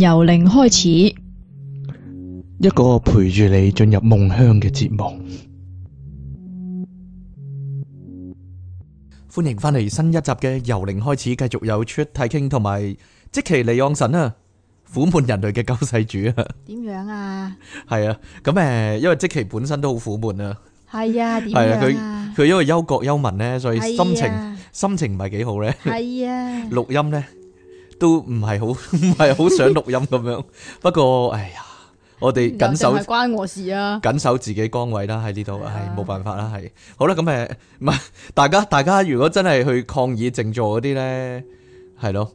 由零開始，一個陪住你進入夢鄉嘅節目。歡迎翻嚟新一集嘅由零開始，繼續有出太傾同埋積奇利昂神啊！苦悶人類嘅救世主啊！點樣啊？係啊，咁誒，因為積奇本身都好苦悶啊。係啊，係啊，佢佢因為憂國憂民咧，所以心情心情唔係幾好咧。係啊，錄音咧。都唔係好唔係好想錄音咁樣，不過哎呀，我哋緊守關我事啊，緊守自己崗位啦喺呢度，係冇辦法啦係。好啦，咁誒唔係大家大家如果真係去抗議靜坐嗰啲咧，係咯，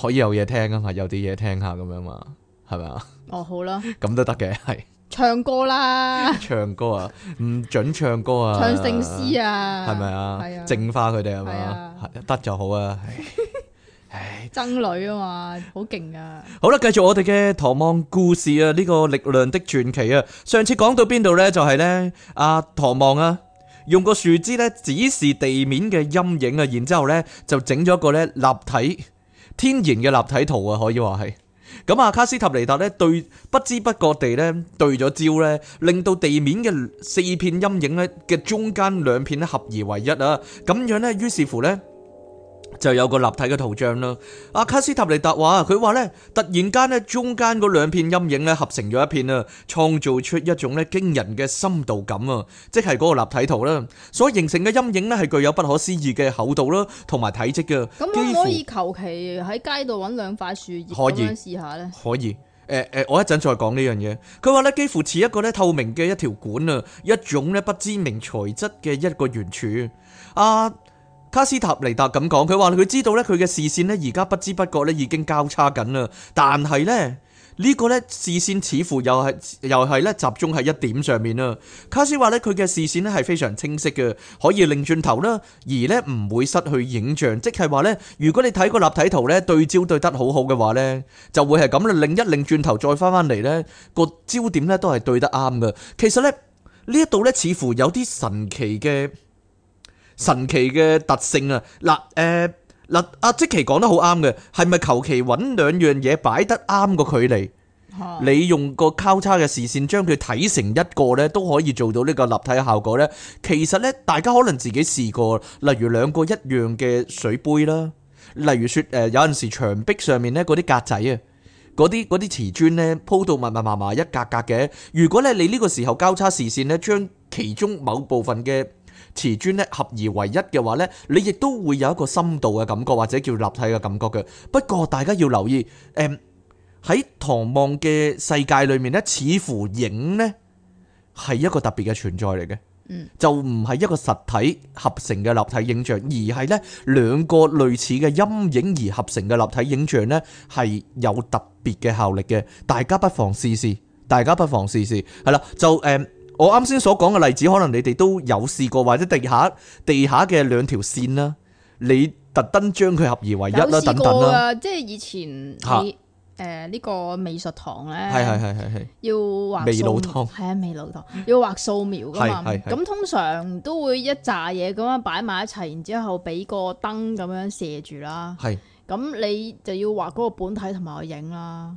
可以有嘢聽啊嘛，有啲嘢聽下咁樣嘛，係咪啊？哦，好啦，咁都得嘅係唱歌啦，唱歌啊，唔準唱歌啊，唱聖詩啊，係咪啊？係啊，淨化佢哋係嘛，得就好啊。爭女啊嘛，好勁啊！好啦，繼續我哋嘅《唐望故事》啊，呢個力量的傳奇啊。上次講到邊度咧？就係咧，阿唐望啊，用個樹枝咧指示地面嘅陰影啊，然之後咧就整咗一個咧立體天然嘅立體圖啊，可以話係。咁啊，卡斯塔尼達咧對不知不覺地咧對咗招咧，令到地面嘅四片陰影咧嘅中間兩片咧合而為一啊，咁樣咧，於是乎咧。就有個立體嘅圖像啦。阿卡斯塔尼達話，佢話咧，突然間咧，中間嗰兩片陰影咧，合成咗一片啊，創造出一種咧驚人嘅深度感啊，即係嗰個立體圖啦。所形成嘅陰影咧，係具有不可思議嘅厚度啦，同埋體積嘅。咁我可以求其喺街度揾兩塊樹葉咁樣試下咧。可以，誒誒，我一陣再講呢樣嘢。佢話咧，幾乎似一個咧透明嘅一條管啊，一種咧不知名材質嘅一個圓柱。啊卡斯塔尼達咁講，佢話佢知道咧，佢嘅視線呢而家不知不覺咧已經交叉緊啦，但係呢，呢、呢個呢視線似乎又係又係咧集中喺一點上面啦。卡斯話呢，佢嘅視線呢係非常清晰嘅，可以擰轉頭啦，而呢唔會失去影像。即係話呢，如果你睇個立體圖呢對焦對得好好嘅話呢，就會係咁啦，擰一擰轉頭再翻翻嚟呢個焦點呢都係對得啱嘅。其實呢，呢一度呢似乎有啲神奇嘅。神奇嘅特性啊！嗱、啊，誒、啊，嗱，阿即奇講得好啱嘅，係咪求其揾兩樣嘢擺得啱個距離，啊、你用個交叉嘅視線將佢睇成一個呢，都可以做到呢個立體嘅效果呢。其實呢，大家可能自己試過，例如兩個一樣嘅水杯啦，例如說誒、呃，有陣時牆壁上面呢嗰啲格仔啊，嗰啲嗰啲瓷磚呢鋪、鋪到密密麻麻一格格嘅。如果咧你呢個時候交叉視線呢，將其中某部分嘅瓷磚咧合而為一嘅話咧，你亦都會有一個深度嘅感覺或者叫立體嘅感覺嘅。不過大家要留意，誒、喺唐望嘅世界裏面咧，似乎影咧係一個特別嘅存在嚟嘅。嗯，就唔係一個實體合成嘅立體影像，而係咧兩個類似嘅陰影而合成嘅立體影像咧係有特別嘅效力嘅。大家不妨試試，大家不妨試試，係啦，就誒。嗯。我啱先所講嘅例子，可能你哋都有試過，或者地下、地下嘅兩條線啦，你特登將佢合而為一啦，等等啦。即係以前誒呢個美術堂咧，係係係係係要畫素描，係啊，美勞堂要畫素描噶嘛。咁通常都會一紮嘢咁樣擺埋一齊，然之後俾個燈咁樣射住啦。係咁，你就要畫嗰個本體同埋個影啦。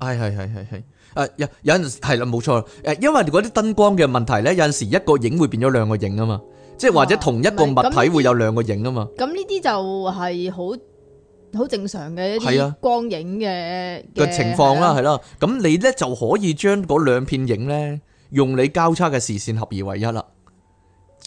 係係係係係。誒有有陣係啦，冇錯誒，因為嗰啲燈光嘅問題咧，有陣時一個影會變咗兩個影啊嘛，即係或者同一個物體會有兩個影啊嘛。咁呢啲就係好好正常嘅一啲光影嘅嘅情況啦，係啦。咁你咧就可以將嗰兩片影咧，用你交叉嘅視線合而為一啦。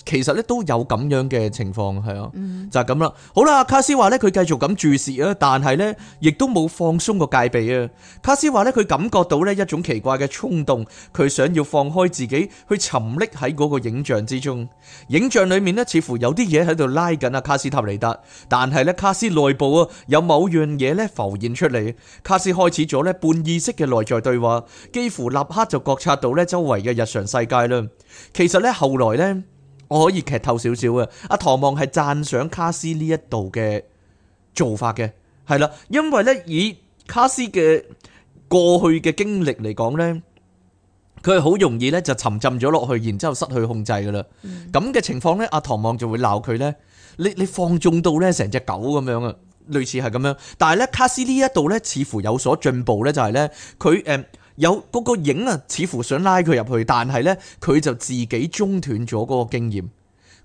其實咧都有咁樣嘅情況，係啊，嗯、就係咁啦。好啦，卡斯話咧，佢繼續咁注視啊，但係咧，亦都冇放鬆個戒備啊。卡斯話咧，佢感覺到呢一種奇怪嘅衝動，佢想要放開自己去沉溺喺嗰個影像之中。影像裡面呢，似乎有啲嘢喺度拉緊啊卡斯塔尼達，但係咧，卡斯內部啊有某樣嘢咧浮現出嚟。卡斯開始咗咧半意識嘅內在對話，幾乎立刻就覺察到咧周圍嘅日常世界啦。其實咧，後來咧。我可以劇透少少嘅，阿、啊、唐望係讚賞卡斯呢一度嘅做法嘅，係啦，因為咧以卡斯嘅過去嘅經歷嚟講咧，佢係好容易咧就沉浸咗落去，然之後失去控制噶啦，咁嘅、嗯、情況咧，阿、啊、唐望就會鬧佢咧，你你放縱到咧成隻狗咁樣啊，類似係咁樣，但係咧卡斯呢一度咧似乎有所進步咧、就是，就係咧佢誒。嗯有嗰個影啊，似乎想拉佢入去，但係呢，佢就自己中斷咗嗰個經驗，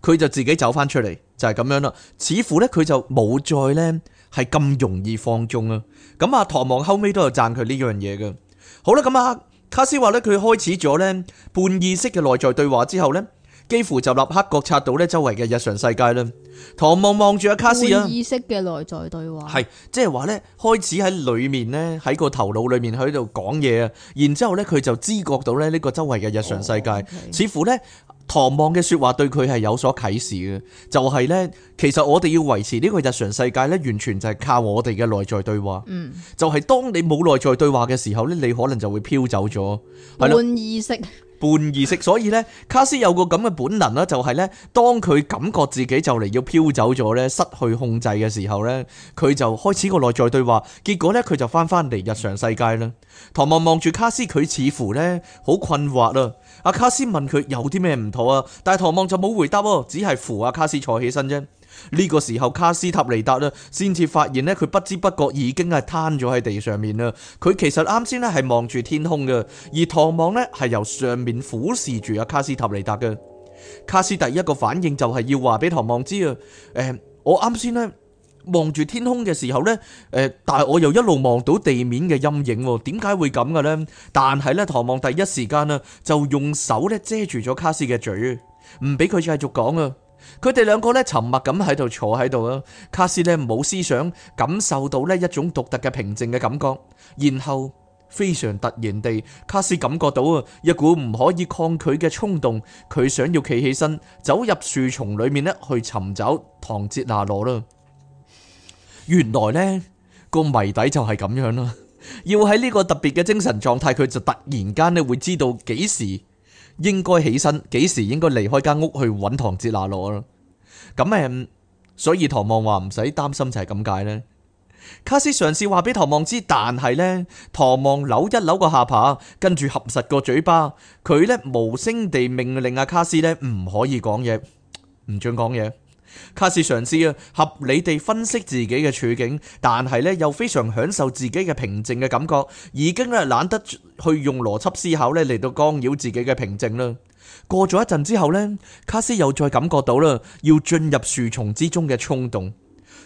佢就自己走翻出嚟，就係、是、咁樣啦。似乎呢，佢就冇再呢係咁容易放縱啦。咁啊，唐望後尾都有讚佢呢樣嘢嘅。好啦，咁啊，卡斯話呢，佢開始咗呢半意識嘅內在對話之後呢。幾乎就立刻覺察到咧，周圍嘅日常世界啦。唐望望住阿卡斯啊，意識嘅內在對話係，即係話咧，開始喺裏面咧，喺個頭腦裏面喺度講嘢啊。然之後咧，佢就知覺到咧呢個周圍嘅日常世界，哦 okay，似乎咧唐望嘅說話對佢係有所啟示嘅。就係、是、咧，其實我哋要維持呢個日常世界咧，完全就係靠我哋嘅內在對話。嗯，就係當你冇內在對話嘅時候咧，你可能就會飄走咗。換意識。半意識，所以呢，卡斯有個咁嘅本能啦，就係呢：當佢感覺自己就嚟要飄走咗呢，失去控制嘅時候呢，佢就開始個內在對話，結果呢，佢就翻返嚟日常世界啦。唐望望住卡斯，佢似乎呢好困惑啊！阿卡斯問佢有啲咩唔妥啊，但係唐望就冇回答喎，只係扶阿卡斯坐起身啫。呢個時候卡斯塔尼達呢，先至發現呢，佢不知不覺已經係癱咗喺地上面啦。佢其實啱先呢係望住天空嘅，而唐望呢係由上面俯視住阿卡斯塔尼達嘅。卡斯第一個反應就係要話俾唐望知啊，誒，我啱先呢望住天空嘅時候呢，誒，但係我又一路望到地面嘅陰影，點解會咁嘅呢？但係呢，唐望第一時間呢就用手咧遮住咗卡斯嘅嘴，唔俾佢繼續講啊。佢哋兩個咧沉默咁喺度坐喺度啊，卡斯咧冇思想感受到呢一種獨特嘅平靜嘅感覺，然後非常突然地，卡斯感覺到啊一股唔可以抗拒嘅衝動，佢想要企起身走入樹叢裏面咧去尋找唐哲娜羅啦。原來呢個謎底就係咁樣啦，要喺呢個特別嘅精神狀態，佢就突然間咧會知道幾時。應該起身，幾時應該離開間屋去揾唐捷娜攞啦。咁、嗯、誒，所以唐望話唔使擔心就係咁解呢。卡斯嘗試話俾唐望知，但係呢，唐望扭一扭個下巴，跟住合實個嘴巴，佢呢無聲地命令阿卡斯呢唔可以講嘢，唔准講嘢。卡斯嘗試啊合理地分析自己嘅處境，但係咧又非常享受自己嘅平靜嘅感覺，已經咧懶得去用邏輯思考咧嚟，到干擾自己嘅平靜啦。過咗一陣之後咧，卡斯又再感覺到啦，要進入樹叢之中嘅衝動，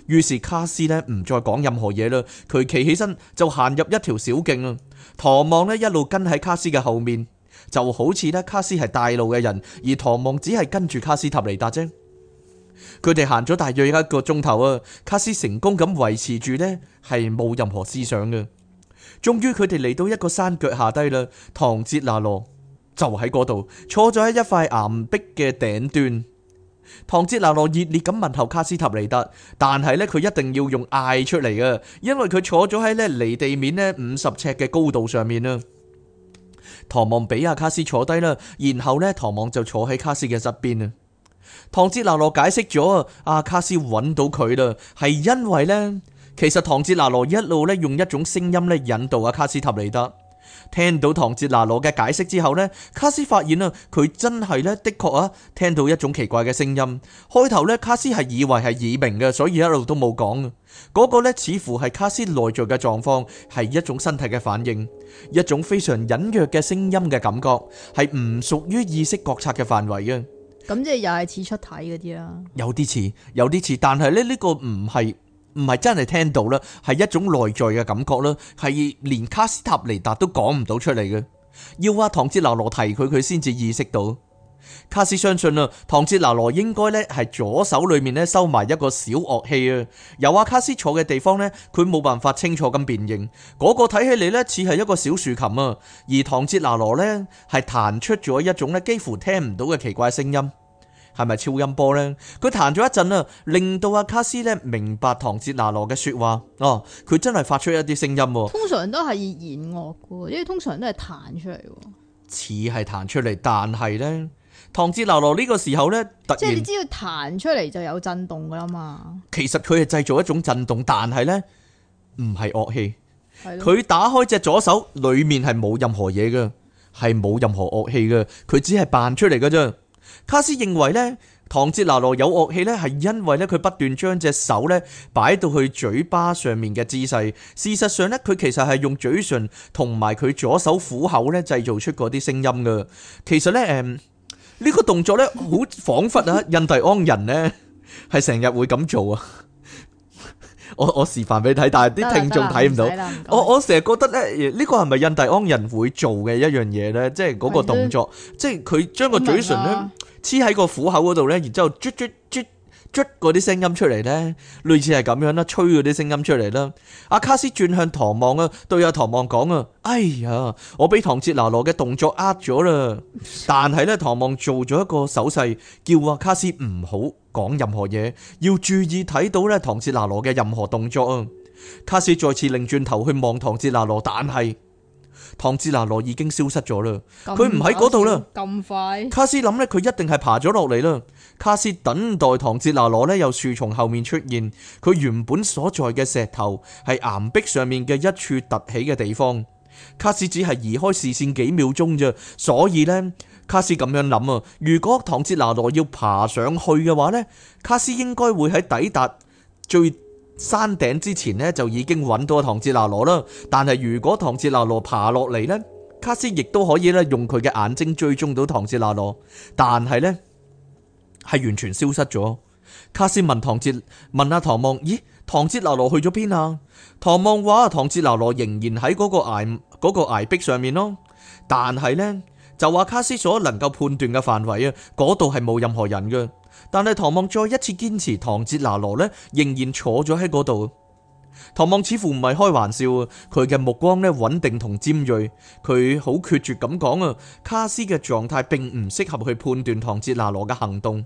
於是卡斯咧唔再講任何嘢啦，佢企起身就行入一條小徑啦。唐望咧一路跟喺卡斯嘅後面，就好似咧卡斯係大路嘅人，而唐望只係跟住卡斯塔尼達啫。佢哋行咗大約一個鐘頭啊，卡斯成功咁維持住呢，係冇任何思想嘅。終於佢哋嚟到一個山腳下低啦，唐哲那洛就喺嗰度坐咗喺一塊岩壁嘅頂端。唐哲那洛熱烈咁問候卡斯塔尼達，但係呢，佢一定要用嗌出嚟啊，因為佢坐咗喺呢離地面呢五十尺嘅高度上面啊。唐望俾阿卡斯坐低啦，然後呢，唐望就坐喺卡斯嘅側邊啊。唐哲娜羅解釋咗阿、啊、卡斯揾到佢啦，係因為呢，其實唐哲娜羅一路咧用一種聲音咧引導阿、啊、卡斯塔尼德。聽到唐哲娜羅嘅解釋之後呢，卡斯發現啦、啊，佢真係咧的確啊，聽到一種奇怪嘅聲音。開頭呢，卡斯係以為係耳鳴嘅，所以一路都冇講。嗰、那個呢，似乎係卡斯內在嘅狀況，係一種身體嘅反應，一種非常隱約嘅聲音嘅感覺，係唔屬於意識覺察嘅範圍啊。咁即係又係似出體嗰啲啦，有啲似，有啲似，但係咧呢個唔係唔係真係聽到啦，係一種內在嘅感覺啦，係連卡斯塔尼達都講唔到出嚟嘅，要阿唐熱那羅提佢佢先至意識到。卡斯相信啦，唐哲拿羅應該咧係左手裏面咧收埋一個小樂器啊。由阿卡斯坐嘅地方咧，佢冇辦法清楚咁辨認。嗰、那個睇起嚟咧似係一個小豎琴啊，而唐哲拿羅呢係彈出咗一種咧幾乎聽唔到嘅奇怪聲音，係咪超音波呢？佢彈咗一陣啦，令到阿、啊、卡斯咧明白唐哲拿羅嘅說話。哦，佢真係發出一啲聲音。通常都係弦樂嘅，因為通常都係彈出嚟。似係彈出嚟，但係呢。唐哲拿羅呢個時候咧，突然即係你只要彈出嚟就有震動噶啦嘛。其實佢係製造一種震動，但係咧唔係樂器。佢打開隻左手，裏面係冇任何嘢，噶係冇任何樂器噶。佢只係扮出嚟噶啫。卡斯認為咧，唐哲拿羅有樂器咧，係因為咧佢不斷將隻手咧擺到去嘴巴上面嘅姿勢。事實上咧，佢其實係用嘴唇同埋佢左手虎口咧製造出嗰啲聲音噶。其實咧，誒。呢個動作咧，好仿佛啊，印第安人咧係成日會咁做啊！ 我我示範俾你睇，但係啲聽眾睇唔到。言之我我成日覺得咧，呢個係咪印第安人會做嘅一樣嘢咧？語即係嗰個動作，的即係佢將個嘴脣咧黐喺個虎口嗰度咧，語然之後啜啜啜。捽嗰啲聲音出嚟咧，類似係咁樣啦，吹嗰啲聲音出嚟啦。阿卡斯轉向唐望啊，對阿唐望講啊，哎呀，我俾唐哲拿羅嘅動作呃咗啦。但係咧，唐望做咗一個手勢，叫阿卡斯唔好講任何嘢，要注意睇到咧唐哲拿羅嘅任何動作啊。卡斯再次擰轉頭去望唐哲拿羅，但係唐哲拿羅已經消失咗啦，佢唔喺嗰度啦。咁快？卡斯諗咧，佢一定係爬咗落嚟啦。卡斯等待唐哲拿羅咧，由樹叢後面出現。佢原本所在嘅石頭係岩壁上面嘅一處凸起嘅地方。卡斯只係移開視線幾秒鐘啫，所以呢，卡斯咁樣諗啊，如果唐哲拿羅要爬上去嘅話呢，卡斯應該會喺抵達最山頂之前呢，就已經揾到唐哲拿羅啦。但係如果唐哲拿羅爬落嚟呢，卡斯亦都可以咧用佢嘅眼睛追蹤到唐哲拿羅。但係呢。係完全消失咗。卡斯問唐哲問阿唐望，咦？唐哲拿羅去咗邊啊？唐望話：唐哲拿羅仍然喺嗰個崖、嗰個崖壁上面咯。但係呢，就話卡斯所能夠判斷嘅範圍啊，嗰度係冇任何人嘅。但係唐望再一次堅持，唐哲拿羅呢，仍然坐咗喺嗰度。唐望似乎唔係開玩笑，佢嘅目光呢穩定同尖銳，佢好決絕咁講啊！卡斯嘅狀態並唔適合去判斷唐哲拿羅嘅行動。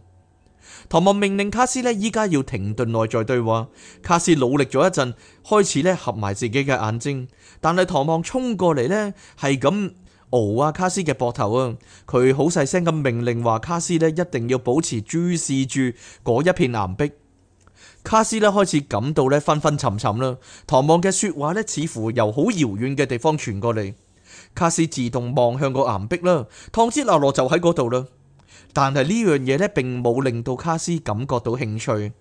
唐望命令卡斯呢，依家要停頓內在對話。卡斯努力咗一陣，開始呢合埋自己嘅眼睛，但係唐望衝過嚟呢，係咁熬啊卡斯嘅膊頭啊！佢好細聲咁命令話：卡斯呢，斯一定要保持注視住嗰一片岩壁。卡斯咧開始感到咧昏昏沉沉啦，唐望嘅說話咧似乎由好遙遠嘅地方傳過嚟。卡斯自動望向個岩壁啦，唐哲拿羅就喺嗰度啦。但係呢樣嘢咧並冇令到卡斯感覺到興趣。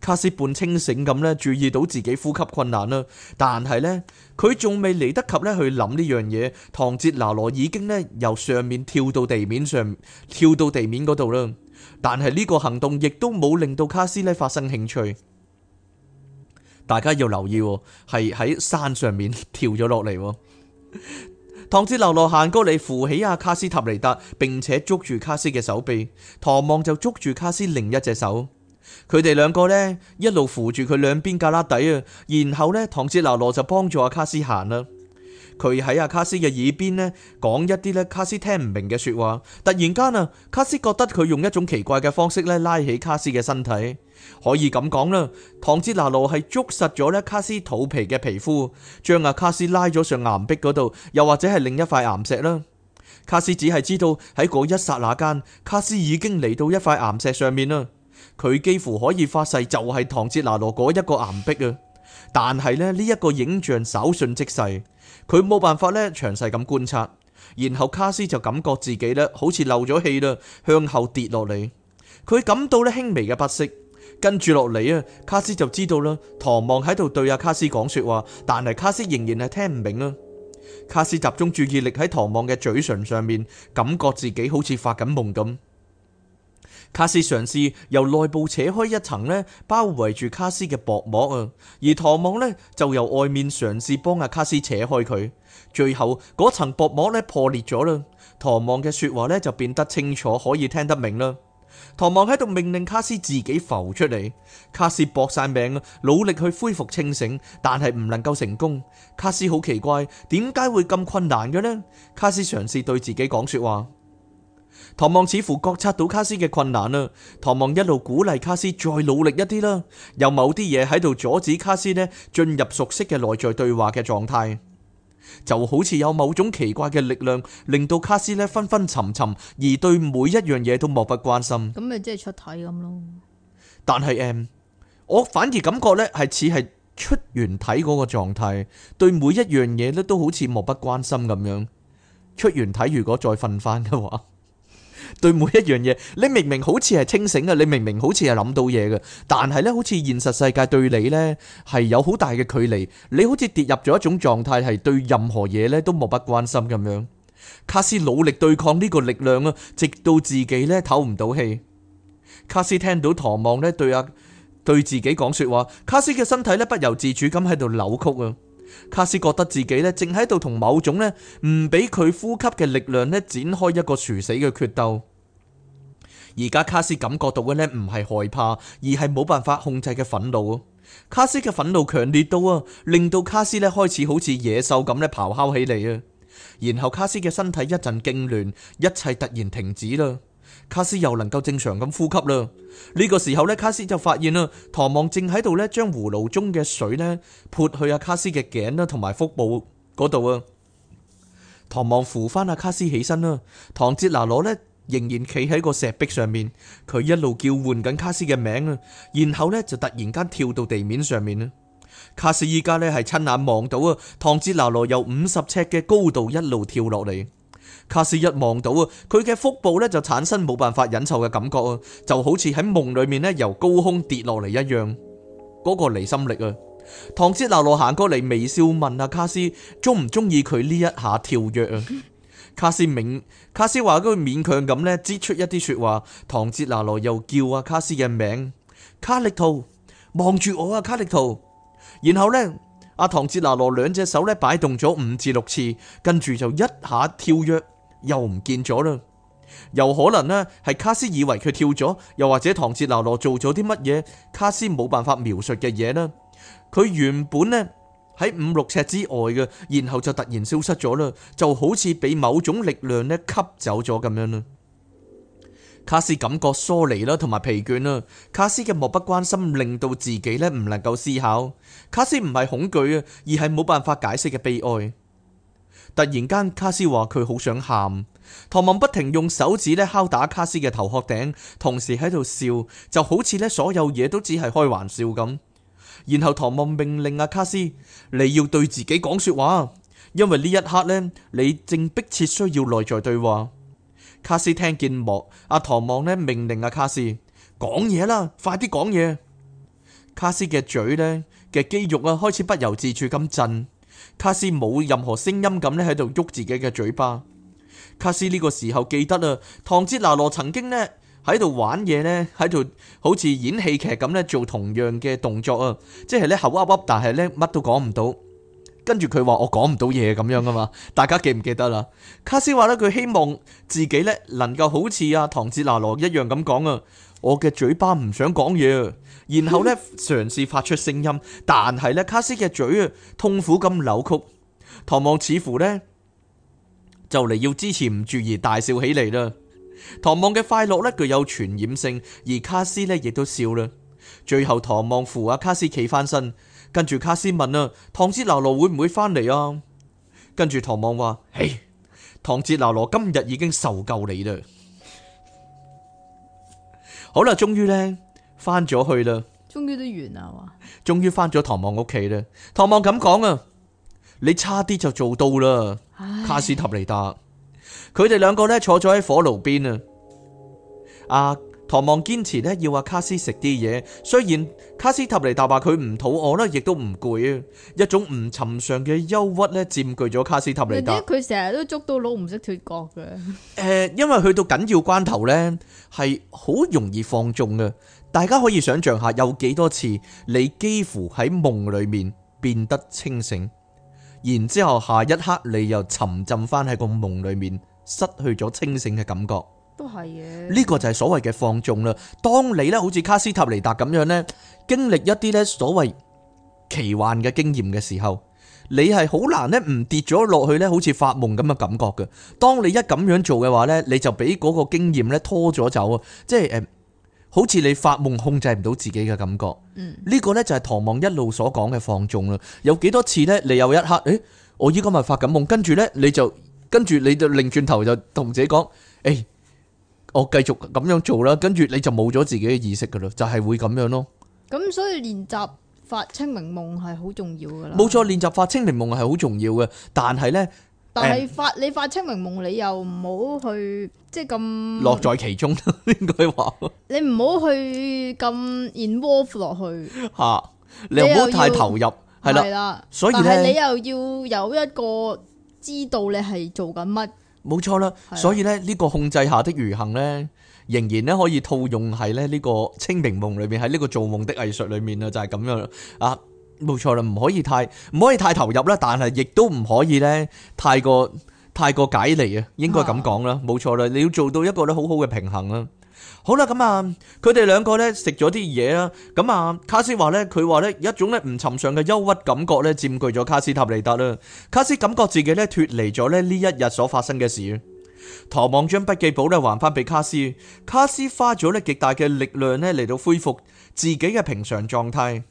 卡斯半清醒咁咧注意到自己呼吸困難啦，但係咧佢仲未嚟得及咧去諗呢樣嘢，唐哲拿羅已經咧由上面跳到地面上，跳到地面嗰度啦。但係呢個行動亦都冇令到卡斯呢發生興趣。大家要留意，係喺山上面跳咗落嚟。 唐哲流羅行過嚟扶起阿卡斯塔尼達，並且捉住卡斯嘅手臂。唐望就捉住卡斯另一隻手，佢哋兩個呢一路扶住佢兩邊架旯底啊。然後呢，唐哲流羅就幫助阿卡斯行啦。佢喺阿卡斯嘅耳邊咧講一啲咧卡斯聽唔明嘅說話。突然間啊，卡斯覺得佢用一種奇怪嘅方式咧拉起卡斯嘅身體，可以咁講啦。唐哲拿羅係捉實咗咧卡斯肚皮嘅皮膚，將阿卡斯拉咗上岩壁嗰度，又或者係另一塊岩石啦。卡斯只係知道喺嗰一刹那間，卡斯已經嚟到一塊岩石上面啦。佢幾乎可以發誓就係唐哲拿羅嗰一個岩壁啊，但係咧呢一個影像稍瞬即逝。佢冇辦法咧，詳細咁觀察，然後卡斯就感覺自己咧好似漏咗氣啦，向後跌落嚟。佢感到咧輕微嘅不適，跟住落嚟啊，卡斯就知道啦。唐望喺度對阿卡斯講說話，但係卡斯仍然係聽唔明啊。卡斯集中注意力喺唐望嘅嘴唇上面，感覺自己好似發緊夢咁。卡斯嘗試由內部扯開一層呢包圍住卡斯嘅薄膜啊，而唐望呢，就由外面嘗試幫阿卡斯扯開佢。最後嗰層薄膜呢，破裂咗啦，唐望嘅說話呢，就變得清楚，可以聽得明啦。唐望喺度命令卡斯自己浮出嚟。卡斯搏晒命努力去恢復清醒，但係唔能夠成功。卡斯好奇怪，點解會咁困難嘅呢？卡斯嘗試對自己講說話。唐望似乎覺察到卡斯嘅困難啦，唐望一路鼓勵卡斯再努力一啲啦。有某啲嘢喺度阻止卡斯呢進入熟悉嘅內在對話嘅狀態，就好似有某種奇怪嘅力量令到卡斯呢昏昏沉沉，而對每一樣嘢都漠不關心。咁咪即係出體咁咯？但係 M，嗯，我反而感覺呢係似係出完體嗰個狀態，對每一樣嘢呢都好似漠不關心咁樣。出完體如果再瞓翻嘅話。對每一樣嘢，你明明好似係清醒嘅，你明明好似係諗到嘢嘅，但係咧好似現實世界對你咧係有好大嘅距離，你好似跌入咗一種狀態，係對任何嘢咧都漠不、不關心咁樣。卡斯努力對抗呢個力量啊，直到自己咧唞唔到氣。卡斯聽到唐望咧對啊、啊、對自己講說話，卡斯嘅身體咧不由自主咁喺度扭曲啊。卡斯覺得自己呢正喺度同某種呢唔俾佢呼吸嘅力量呢展開一個殊死嘅決鬥。而家卡斯感覺到嘅呢，唔係害怕，而係冇辦法控制嘅憤怒。卡斯嘅憤怒強烈到啊，令到卡斯呢開始好似野獸咁呢咆哮起嚟啊！然後卡斯嘅身體一陣痙攣，一切突然停止啦。卡斯又能夠正常咁呼吸啦。呢個時候呢，卡斯就發現啦，唐望正喺度呢將葫蘆中嘅水呢潑去阿卡斯嘅頸啦同埋腹部嗰度啊。唐望扶翻阿卡斯起身啦。唐哲拿羅呢仍然企喺個石壁上面，佢一路叫喚緊卡斯嘅名啊，然後呢就突然間跳到地面上面啦。卡斯依家呢係親眼望到啊，唐哲拿羅由五十尺嘅高度一路跳落嚟。卡斯一望到啊，佢嘅腹部咧就產生冇辦法忍受嘅感覺啊，就好似喺夢裏面咧由高空跌落嚟一樣。嗰個離心力啊！唐哲拿羅行過嚟，微笑問啊：卡斯中唔中意佢呢一下跳躍啊？卡斯勉卡斯話咁，佢勉強咁咧，擠出一啲說話。唐哲拿羅又叫阿卡斯嘅名：卡力圖，望住我啊！卡力圖。然後咧，阿唐哲拿羅兩隻手咧擺動咗五至六次，跟住就一下跳躍。又唔見咗啦，有可能咧係卡斯以為佢跳咗，又或者唐哲拿羅做咗啲乜嘢，卡斯冇辦法描述嘅嘢咧。佢原本咧喺五六尺之外嘅，然後就突然消失咗啦，就好似俾某種力量咧吸走咗咁樣啦。卡斯感覺疏離啦，同埋疲倦啦。卡斯嘅漠不關心令到自己咧唔能夠思考。卡斯唔係恐懼啊，而係冇辦法解釋嘅悲哀。.突然間，卡斯話佢好想喊，唐望不停用手指咧敲打卡斯嘅頭殼頂，同時喺度笑，就好似咧所有嘢都只係開玩笑咁。然後唐望命令阿、啊、卡斯，你要對自己講說話，因為呢一刻咧，你正迫切需要內在對話。卡斯聽見莫阿、啊、唐望咧命令阿、啊、卡斯講嘢啦，快啲講嘢。卡斯嘅嘴咧嘅肌肉啊開始不由自主咁震。卡斯冇任何聲音咁咧喺度喐自己嘅嘴巴。卡斯呢個時候記得啊，唐哲娜羅曾經呢喺度玩嘢，呢喺度好似演戲劇咁咧做同樣嘅動作啊，即係咧口噏噏，但係咧乜都講唔到。跟住佢話，我講唔到嘢咁樣噶嘛，大家記唔記得啦？卡斯話咧佢希望自己咧能夠好似啊唐哲娜羅一樣咁講啊，我嘅嘴巴唔想講嘢。然後呢，嘗試發出聲音，但係呢，卡斯嘅嘴啊痛苦咁扭曲，唐望似乎呢，就嚟要支持唔住而大笑起嚟啦。唐望嘅快樂呢，具有傳染性，而卡斯呢，亦都笑啦。最後唐望扶阿卡斯企翻身，跟住卡斯問啊：唐哲流羅會唔會翻嚟啊？跟住唐望話：嘿，唐哲流羅今日已經受夠你啦。好啦，終於呢。翻咗去啦，終於都完啦嘛，終於翻咗唐望屋企啦。唐望咁講啊，你差啲就做到啦，哎、卡斯塔尼達。佢哋兩個咧坐咗喺火爐邊啊，阿。唐望堅持咧要阿卡斯食啲嘢，雖然卡斯塔尼達話佢唔肚餓啦，亦都唔攰啊，一種唔尋常嘅憂鬱咧佔據咗卡斯塔尼達。佢成日都捉到鹿唔識脫角嘅。誒、 呃，因為去到緊要關頭呢係好容易放縱嘅。大家可以想象下有，有幾多次你幾乎喺夢裏面變得清醒，然之後下一刻你又沉浸翻喺個夢裏面，失去咗清醒嘅感覺。都係嘅，呢個就係所謂嘅放縱啦。當你咧好似卡斯塔尼達咁樣咧，經歷一啲咧所謂奇幻嘅經驗嘅時候，你係好難咧唔跌咗落去咧，好似發夢咁嘅感覺嘅。當你一咁樣做嘅話咧，你就俾嗰個經驗咧拖咗走啊，即係誒，好似你發夢控制唔到自己嘅感覺。嗯，呢個咧就係唐望一路所講嘅放縱啦。有幾多次咧，你有一刻誒，我依家咪發緊夢，跟住咧你就跟住你就擰轉頭就同自己講誒。我繼續咁樣做啦，跟住你就冇咗自己嘅意識噶啦，就係、是、會咁樣咯。咁所以練習發清明夢係好重要噶啦。冇錯，練習發清明夢係好重要嘅，但係咧，但係發唉你發清明夢，你又唔好去即係咁樂在其中應該話、啊。你唔好去咁 involve 落去。吓，你又唔好太投入係啦。係啦，了了所以咧你又要有一個知道你係做緊乜。冇錯啦，所以咧呢個控制下的愚行咧，仍然咧可以套用系咧呢個清明夢裏邊喺呢個做夢的藝術裏面啊，就係咁樣啦。啊，冇錯啦，唔可以太唔可以太投入啦，但係亦都唔可以咧太過太過解離啊，應該咁講啦，冇錯啦，你要做到一個咧好好嘅平衡啦。好啦，咁啊，佢哋兩個呢，食咗啲嘢啊，咁啊，卡斯話呢，佢話呢，一種呢唔尋常嘅憂鬱感覺呢，佔據咗卡斯塔尼達啦，卡斯感覺自己呢脫離咗呢呢一日所發生嘅事。唐望將筆記簿呢還返俾卡斯，卡斯花咗呢極大嘅力量呢，嚟到恢復自己嘅平常狀態。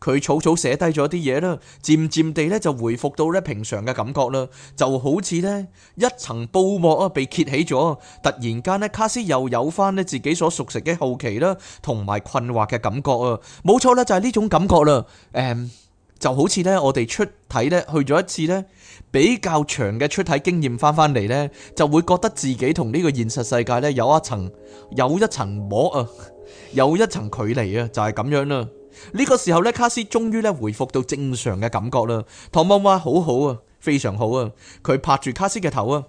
佢草草寫低咗啲嘢啦，漸漸地咧就回復到咧平常嘅感覺啦，就好似呢，一層布幕啊被揭起咗，突然間呢，卡斯又有返呢自己所熟悉嘅好奇啦，同埋困惑嘅感覺啊，冇錯啦，就係呢種感覺啦，誒、嗯，就好似呢，我哋出體呢去咗一次呢，比較長嘅出體經驗翻返嚟呢，就會覺得自己同呢個現實世界呢有一層有一層膜啊，有一層距離啊，就係咁樣啦。呢個時候咧，卡斯終於咧回復到正常嘅感覺啦。唐望話：好好啊，非常好啊！佢拍住卡斯嘅頭啊。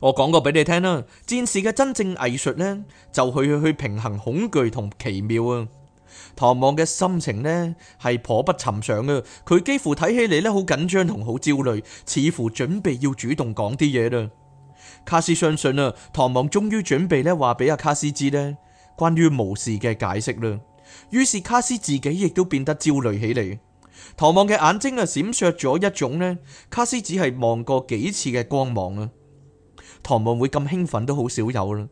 我講過俾你聽啦，戰士嘅真正藝術呢，就去去去平衡恐懼同奇妙啊。唐望嘅心情呢，係頗不尋常啊，佢幾乎睇起嚟呢，好緊張同好焦慮，似乎準備要主動講啲嘢啦。卡斯相信啊，唐望終於準備呢話俾阿卡斯知呢關於無事嘅解釋啦。於是卡斯自己亦都變得焦慮起嚟。唐望嘅眼睛啊閃爍咗一種呢，卡斯只係望過幾次嘅光芒啊。唐望會咁興奮都好少有啦。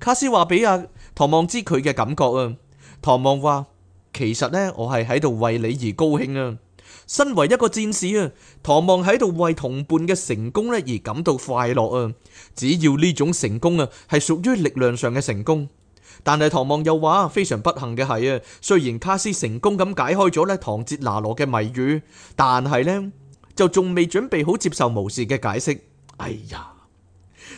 卡斯話俾阿唐望知佢嘅感覺啊。唐望話：其實呢，我係喺度為你而高興啊。身為一個戰士啊，唐望喺度為同伴嘅成功呢而感到快樂啊。只要呢種成功啊，係屬於力量上嘅成功。但係唐望又話：非常不幸嘅係啊，雖然卡斯成功咁解開咗咧唐哲拿羅嘅謎語，但係呢就仲未準備好接受無視嘅解釋。哎呀，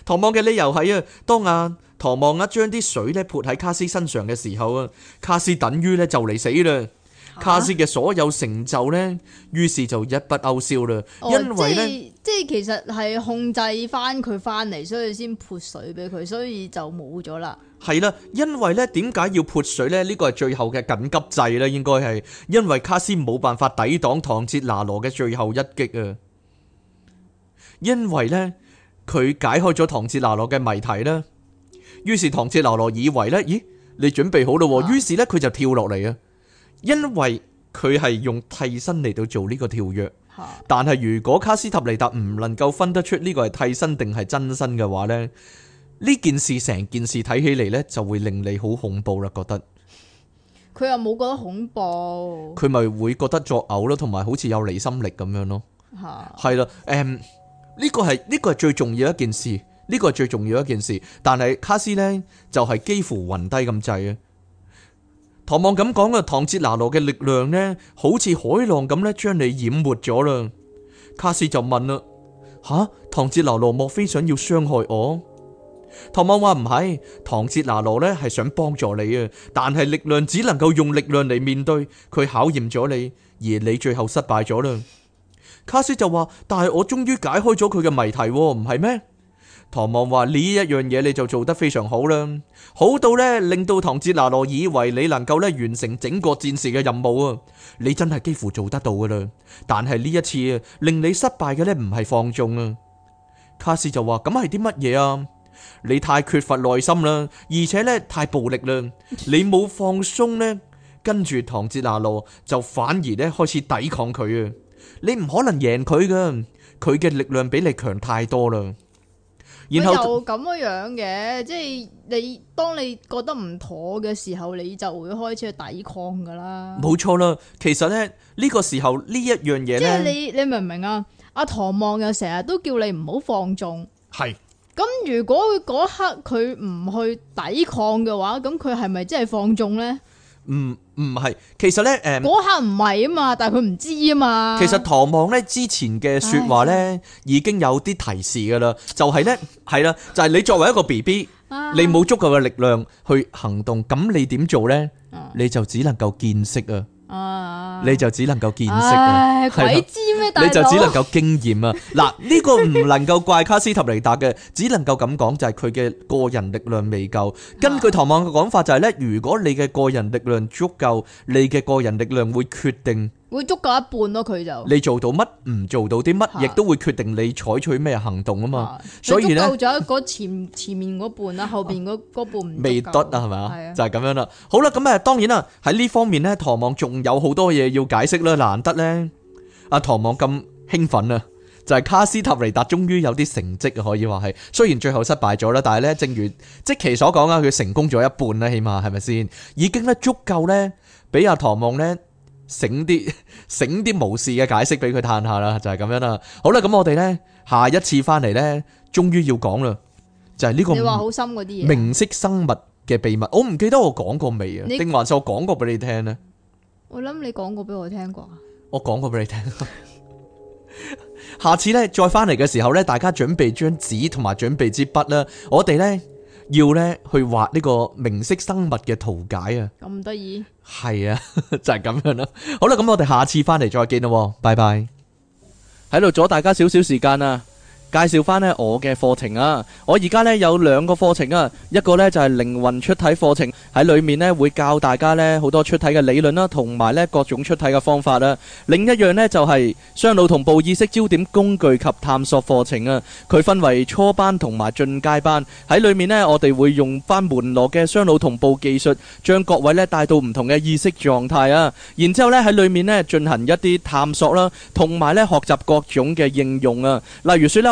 唐望嘅理由係啊，當阿唐望一將啲水呢潑喺卡斯身上嘅時候啊，卡斯等於呢就嚟死啦。啊、卡斯嘅所有成就呢，於是就一筆勾銷啦。哦、因為咧，即係其實係控制翻佢翻嚟，所以先潑水俾佢，所以就冇咗啦。係啦，因為咧，點解要潑水咧？呢、呢個係最後嘅緊急掣啦，應該係因為卡斯冇辦法抵擋唐哲拿羅嘅最後一擊啊！因為呢，佢解開咗唐哲拿羅嘅謎題啦。於是唐哲拿羅以為呢：「咦，你準備好啦，啊？啊、於是呢，佢就跳落嚟啊！因為佢係用替身嚟到做呢個跳躍，啊、但係如果卡斯塔尼達唔能夠分得出呢個係替身定係真身嘅話呢。呢件事成件事睇起嚟咧，就會令你好恐怖啦，覺得佢又冇覺得恐怖，佢咪會覺得作嘔咯，同埋好似有離心力咁樣咯，係啦，誒，呢個係呢個係最重要一件事，呢個係最重要一件事，但係卡斯咧就係幾乎暈低咁滯啊！唐望咁講啊，唐哲拿羅嘅力量咧，好似海浪咁咧，將你淹沒咗啦！卡斯就問啦：吓，唐哲拿羅莫非想要傷害我？唐望話唔係，唐哲拿羅呢係想幫助你啊，但係力量只能夠用力量嚟面對，佢考驗咗你，而你最後失敗咗啦。卡斯就話，但係我終於解開咗佢嘅謎題，唔係咩？唐望話呢一樣嘢你就做得非常好啦，好到呢令到唐哲拿羅以為你能夠呢完成整個戰士嘅任務啊，你真係幾乎做得到噶啦，但係呢一次啊令你失敗嘅呢，唔係放縱啊，卡斯就話咁係啲乜嘢啊？你太缺乏耐心啦，而且咧太暴力啦。你冇放鬆呢， 跟住唐哲拿羅就反而咧開始抵抗佢啊！你唔可能贏佢噶，佢嘅力量比你強太多啦。然後又咁樣嘅，即係你當你覺得唔妥嘅時候，你就會開始去抵抗噶啦。冇錯啦，其實咧呢、呢個時候一呢一樣嘢，即係你你明唔明啊？阿唐望又成日都叫你唔好放縱，係。咁如果佢嗰刻佢唔去抵抗嘅話，咁佢係咪真係放縱呢？唔唔係，其實呢，嗰、嗯、刻唔係啊嘛，但係佢唔知啊嘛。其實唐望呢之前嘅說話呢，唉已經有啲提示噶啦，就係、是、呢，係啦唉，就係你作為一個 BB，唉你冇足夠嘅力量，去行動，咁你點做呢？你就只能夠見識啊。你就只能夠見識啊，唉的鬼知咩大佬？你就只能夠經驗啊。嗱， 呢、這個唔能夠怪卡斯塔尼達嘅，只能夠咁講就係佢嘅個人力量未夠。根據唐望嘅講法就係、是、呢：如果你嘅個人力量足夠，你嘅個人力量會決定會足夠一半咯，啊，佢就你做到乜唔做到啲乜，亦都會決定你採取咩行動啊嘛。啊所以咧，到咗嗰前前面嗰半啦、啊，後邊嗰半未得啊，係咪啊？啊就係咁樣啦。好啦，咁啊，當然啦，喺呢方面呢，唐望仲有好多嘢要解釋啦。難得呢，阿唐望咁興奮啊，就係、是、卡斯特尼達終於有啲成績可以話係。雖然最後失敗咗啦，但係呢，正如即其所講啊，佢成功咗一半啦，起碼係咪先？已經咧足夠呢，俾阿唐望呢。醒啲醒啲無視嘅解釋俾佢嘆下啦，就係咁樣啦。好啦，咁我哋咧下一次翻嚟咧，終於要講啦，就係呢個。你話好深嗰啲嘢。明識生物嘅秘密，我唔記得我講過未啊？定還是我講過俾你聽咧？我諗你講過俾我聽過啩？我講過俾你聽。下次咧再翻嚟嘅時候咧，大家準備張紙同埋準備支筆啦，我哋咧。要咧去畫呢個明式生物嘅圖解啊！咁得意係啊，是的 就係咁樣啦。好啦，咁我哋下次翻嚟再見啦，拜拜！喺度阻大家少少時間啊！介紹翻咧我嘅課程啊！我而家咧有兩個課程啊，一個咧就係靈魂出體課程，喺裡面咧會教大家咧好多出體嘅理論啦，同埋咧各種出體嘅方法啦。另一樣咧就係雙腦同步意識焦點工具及探索課程啊。佢分為初班同埋進階班，喺裡面咧我哋會用翻門羅嘅雙腦同步技術，將各位咧帶到唔同嘅意識狀態啊。然之後咧喺裡面咧進行一啲探索啦，同埋咧學習各種嘅應用啊。例如説咧。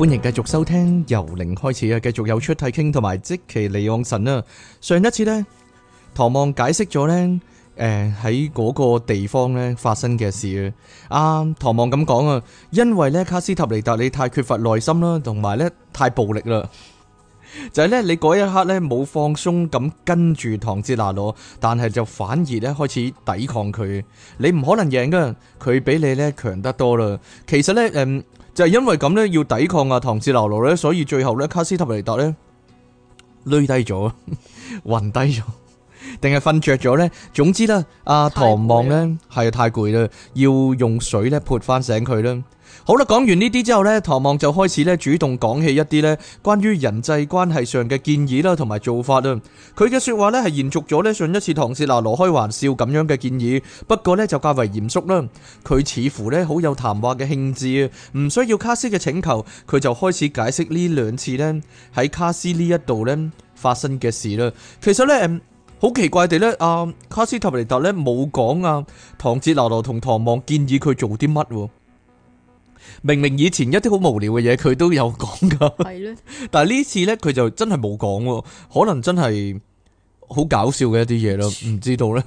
歡迎繼續收聽，由零開始啊！繼續有出體傾同埋即其利昂神啦。上一次咧，唐望解釋咗咧，誒喺嗰個地方咧發生嘅事啊。阿唐望咁講啊，因為咧卡斯塔尼達你太缺乏耐心啦，同埋咧太暴力啦。就係咧你嗰一刻咧冇放鬆咁跟住唐之娜攞，但係就反而咧開始抵抗佢。你唔可能贏㗎，佢比你咧強得多啦。其實咧，誒。就因為咁咧，要抵抗阿唐氏流羅咧，所以最後咧，卡斯特尼達咧，累低咗，暈低咗，定係瞓着咗咧？總之咧，阿唐望咧係啊太攰啦，要用水咧潑翻醒佢啦。好啦，講完呢啲之後呢，唐望就開始咧主動講起一啲呢關於人際關係上嘅建議啦，同埋做法啦。佢嘅說話呢係延續咗呢上一次唐哲娜羅開玩笑咁樣嘅建議，不過呢就較為嚴肅啦。佢似乎呢好有談話嘅興致啊，唔需要卡斯嘅請求，佢就開始解釋呢兩次呢喺卡斯呢一度呢發生嘅事啦。其實呢，嗯，好奇怪地呢，阿、啊、卡斯塔尼達呢冇講啊，唐哲娜羅同唐望建議佢做啲乜。明明以前一啲好無聊嘅嘢，佢都有講噶，係咯。但係呢次咧，佢就真係冇講，可能真係好搞笑嘅一啲嘢咯，唔知道咧。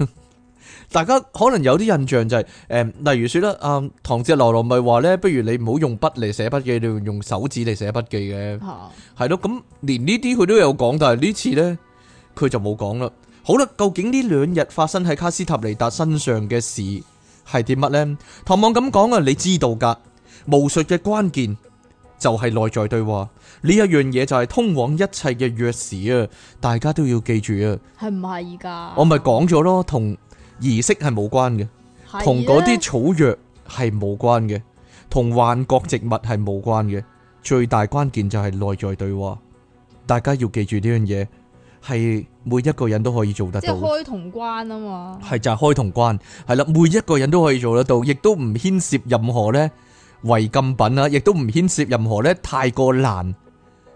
大家可能有啲印象就係誒，例如說啦，啊唐哲羅羅咪話咧，不如你唔好用筆嚟寫筆記，你用手指嚟寫筆記嘅係咯。咁連呢啲佢都有講，但係呢次咧佢就冇講啦。好啦，究竟呢兩日發生喺卡斯塔尼達身上嘅事係啲乜咧？唐望咁講啊，你知道噶，巫術嘅關鍵就係內在對話，呢一樣嘢，就係通往一切嘅鑰匙啊！大家都要記住啊！係唔係而家？我咪講咗咯，同儀式係冇關嘅，同嗰啲草藥係冇關嘅，同幻覺植物係冇關嘅。最大關鍵就係內在對話，大家要記住呢樣嘢，係每一個人都可以做得到。即係開同關啊嘛！係就係開同關，係啦，每一個人都可以做得到，亦都唔牽涉任何呢。違禁品啊，亦都唔牽涉任何咧太過難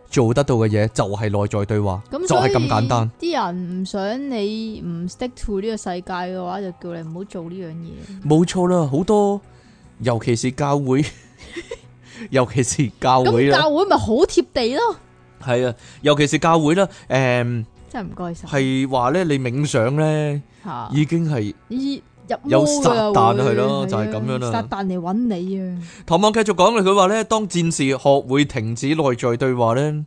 做得到嘅嘢，就係內在對話，就係咁簡單。啲人唔想你唔 stick to 呢個世界嘅話，就叫你唔好做呢樣嘢。冇錯啦，好多，尤其是教會，尤其是教會啦。咁教會咪好貼地咯。係啊，尤其是教會啦，誒，真係唔該晒。係話咧，你冥想咧，已經係。有撒旦係咯，就係咁樣啦。撒旦嚟搵你啊！唐望繼續講佢，佢話咧，當戰士學會停止內在對話咧，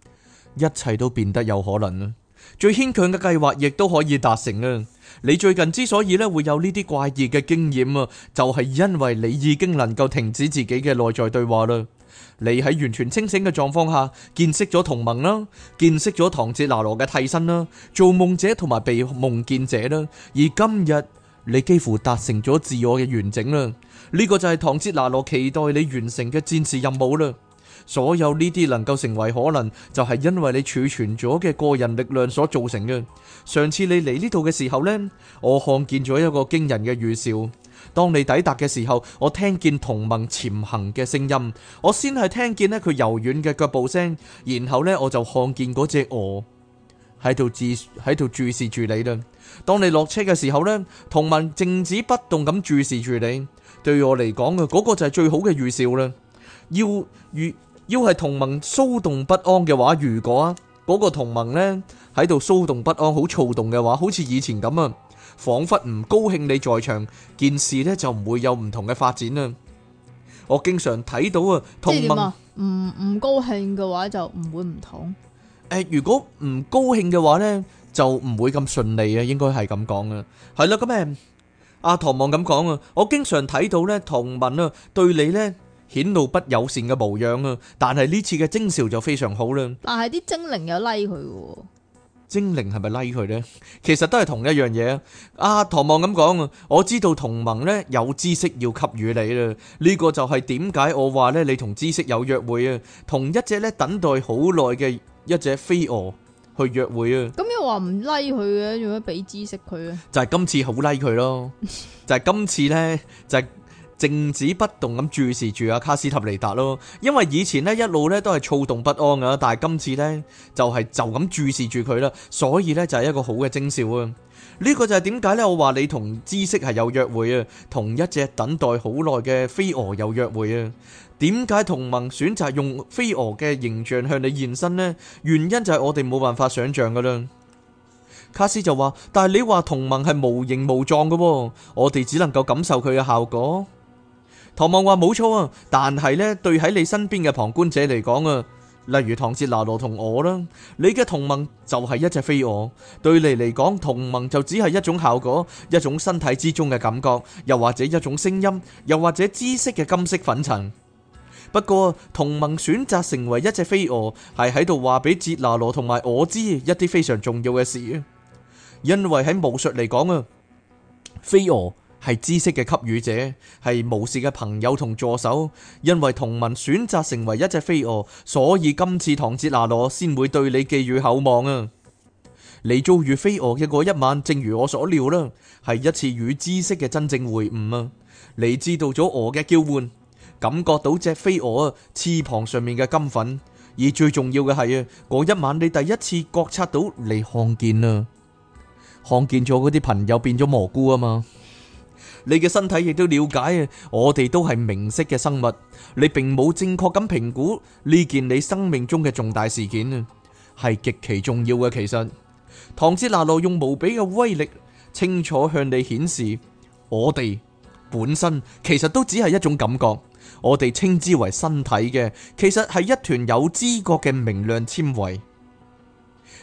一切都變得有可能啦。最牽強嘅計劃亦都可以達成啦。你最近之所以咧會有呢啲怪異嘅經驗啊，就係因為你已經能夠停止自己嘅內在對話啦。你喺完全清醒嘅狀況下，見識咗同盟啦，見識咗唐哲拿羅嘅替身啦，做夢者同埋被夢見者啦，而今日。你幾乎達成咗自我嘅完整啦，呢、這個就係唐哲拿羅期待你完成嘅戰士任務啦。所有呢啲能夠成為可能，就係、是、因為你儲存咗嘅個人力量所造成嘅。上次你嚟呢度嘅時候呢，我看見咗一個驚人嘅預兆。當你抵達嘅時候，我聽見同盟潛行嘅聲音，我先係聽見呢佢柔軟嘅腳步聲，然後呢，我就看見嗰隻鵝。喺度注喺度注視住你啦。當你落車嘅時候呢，同盟靜止不動咁注視住你。對我嚟講啊，嗰個就係最好嘅預兆啦。要預要係同盟騷動不安嘅話，如果啊嗰個同盟呢喺度騷動不安，好躁動嘅話，好似以前咁啊，仿佛唔高興你在場，件事呢，就唔會有唔同嘅發展啊。我經常睇到啊，同盟唔唔、嗯、高興嘅話就唔會唔同。誒，如果唔高興嘅話咧，就唔會咁順利啊。應該係咁講啊，係啦。咁誒，阿唐望咁講啊，我經常睇到咧同盟啊，對你咧顯露不友善嘅模樣啊。但係呢次嘅徵兆就非常好啦。但係啲精靈又拉佢，精靈係咪拉佢咧？其實都係同一樣嘢啊。阿唐望咁講啊，我知道同盟咧有知識要給予你啦。呢個就係點解我話咧，你同知識有約會啊，同一隻咧等待好耐嘅。一隻飛蛾去約會啊！咁又話唔拉佢嘅，做乜俾知識佢啊？就係今次好拉佢咯，就係今次咧就係靜止不動咁注視住阿卡斯塔尼達咯，因為以前咧一路咧都係躁動不安噶，但係今次咧就係就咁注視住佢啦，所以咧就係一個好嘅徵兆啊！呢個就係點解呢？我話你同知識係有約會啊，同一隻等待好耐嘅飛蛾有約會啊？點解同盟選擇用飛蛾嘅形象向你現身呢？原因就係我哋冇辦法想象噶啦。卡斯就話，但係你話同盟係無形無狀噶，我哋只能夠感受佢嘅效果。唐望話，冇錯啊，但係呢，對喺你身邊嘅旁觀者嚟講啊。例如唐哲拿羅同我啦，你嘅同盟就係一隻飛蛾。對你嚟講，同盟就只係一種效果，一種身體之中嘅感覺，又或者一種聲音，又或者知識嘅金色粉塵。不過，同盟選擇成為一隻飛蛾，係喺度話俾哲拿羅同埋我知一啲非常重要嘅事，因為喺巫術嚟講啊，飛蛾。係知識嘅給予者，係無視嘅朋友同助手。因為同盟選擇成為一隻飛蛾，所以今次唐哲那羅先會對你寄予厚望啊。你遭遇飛蛾嘅嗰一晚，正如我所料啦，係一次與知識嘅真正會晤啊。你知道咗蛾嘅叫喚，感覺到隻飛蛾啊，翅膀上面嘅金粉，而最重要嘅係啊，嗰一晚你第一次覺察到，你看見啊，看見咗嗰啲朋友變咗蘑菇啊嘛。你嘅身體亦都了解啊，我哋都係明晰嘅生物，你並冇正確咁評估呢件你生命中嘅重大事件啊，係極其重要嘅。其實，唐哲納羅用無比嘅威力，清楚向你顯示，我哋本身其實都只係一種感覺，我哋稱之為身體嘅，其實係一團有知覺嘅明亮纖維。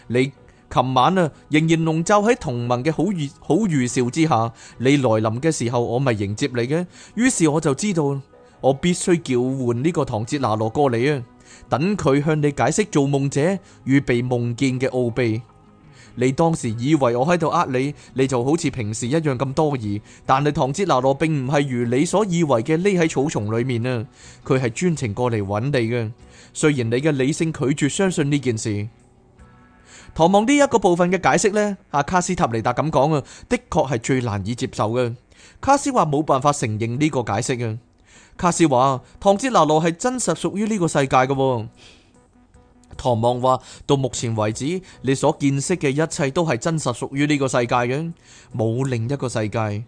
你。琴晚啊，仍然籠罩喺同盟嘅好預好預兆之下。你來臨嘅時候，我咪迎接你嘅。於是我就知道，我必須叫喚呢個唐哲拿羅過嚟啊，等佢向你解釋做夢者與被夢見嘅奧秘。你當時以為我喺度呃你，你就好似平時一樣咁多疑。但係唐哲拿羅並唔係如你所以為嘅匿喺草叢裏面啊，佢係專程過嚟揾你嘅。雖然你嘅理性拒絕相信呢件事。唐望呢一個部分嘅解釋呢，阿卡斯塔尼達咁講啊，的確係最難以接受嘅。卡斯話冇辦法承認呢個解釋啊。卡斯話，唐哲拿羅係真實屬於呢個世界嘅。唐望話，到目前為止，你所見識嘅一切都係真實屬於呢個世界嘅，冇另一個世界。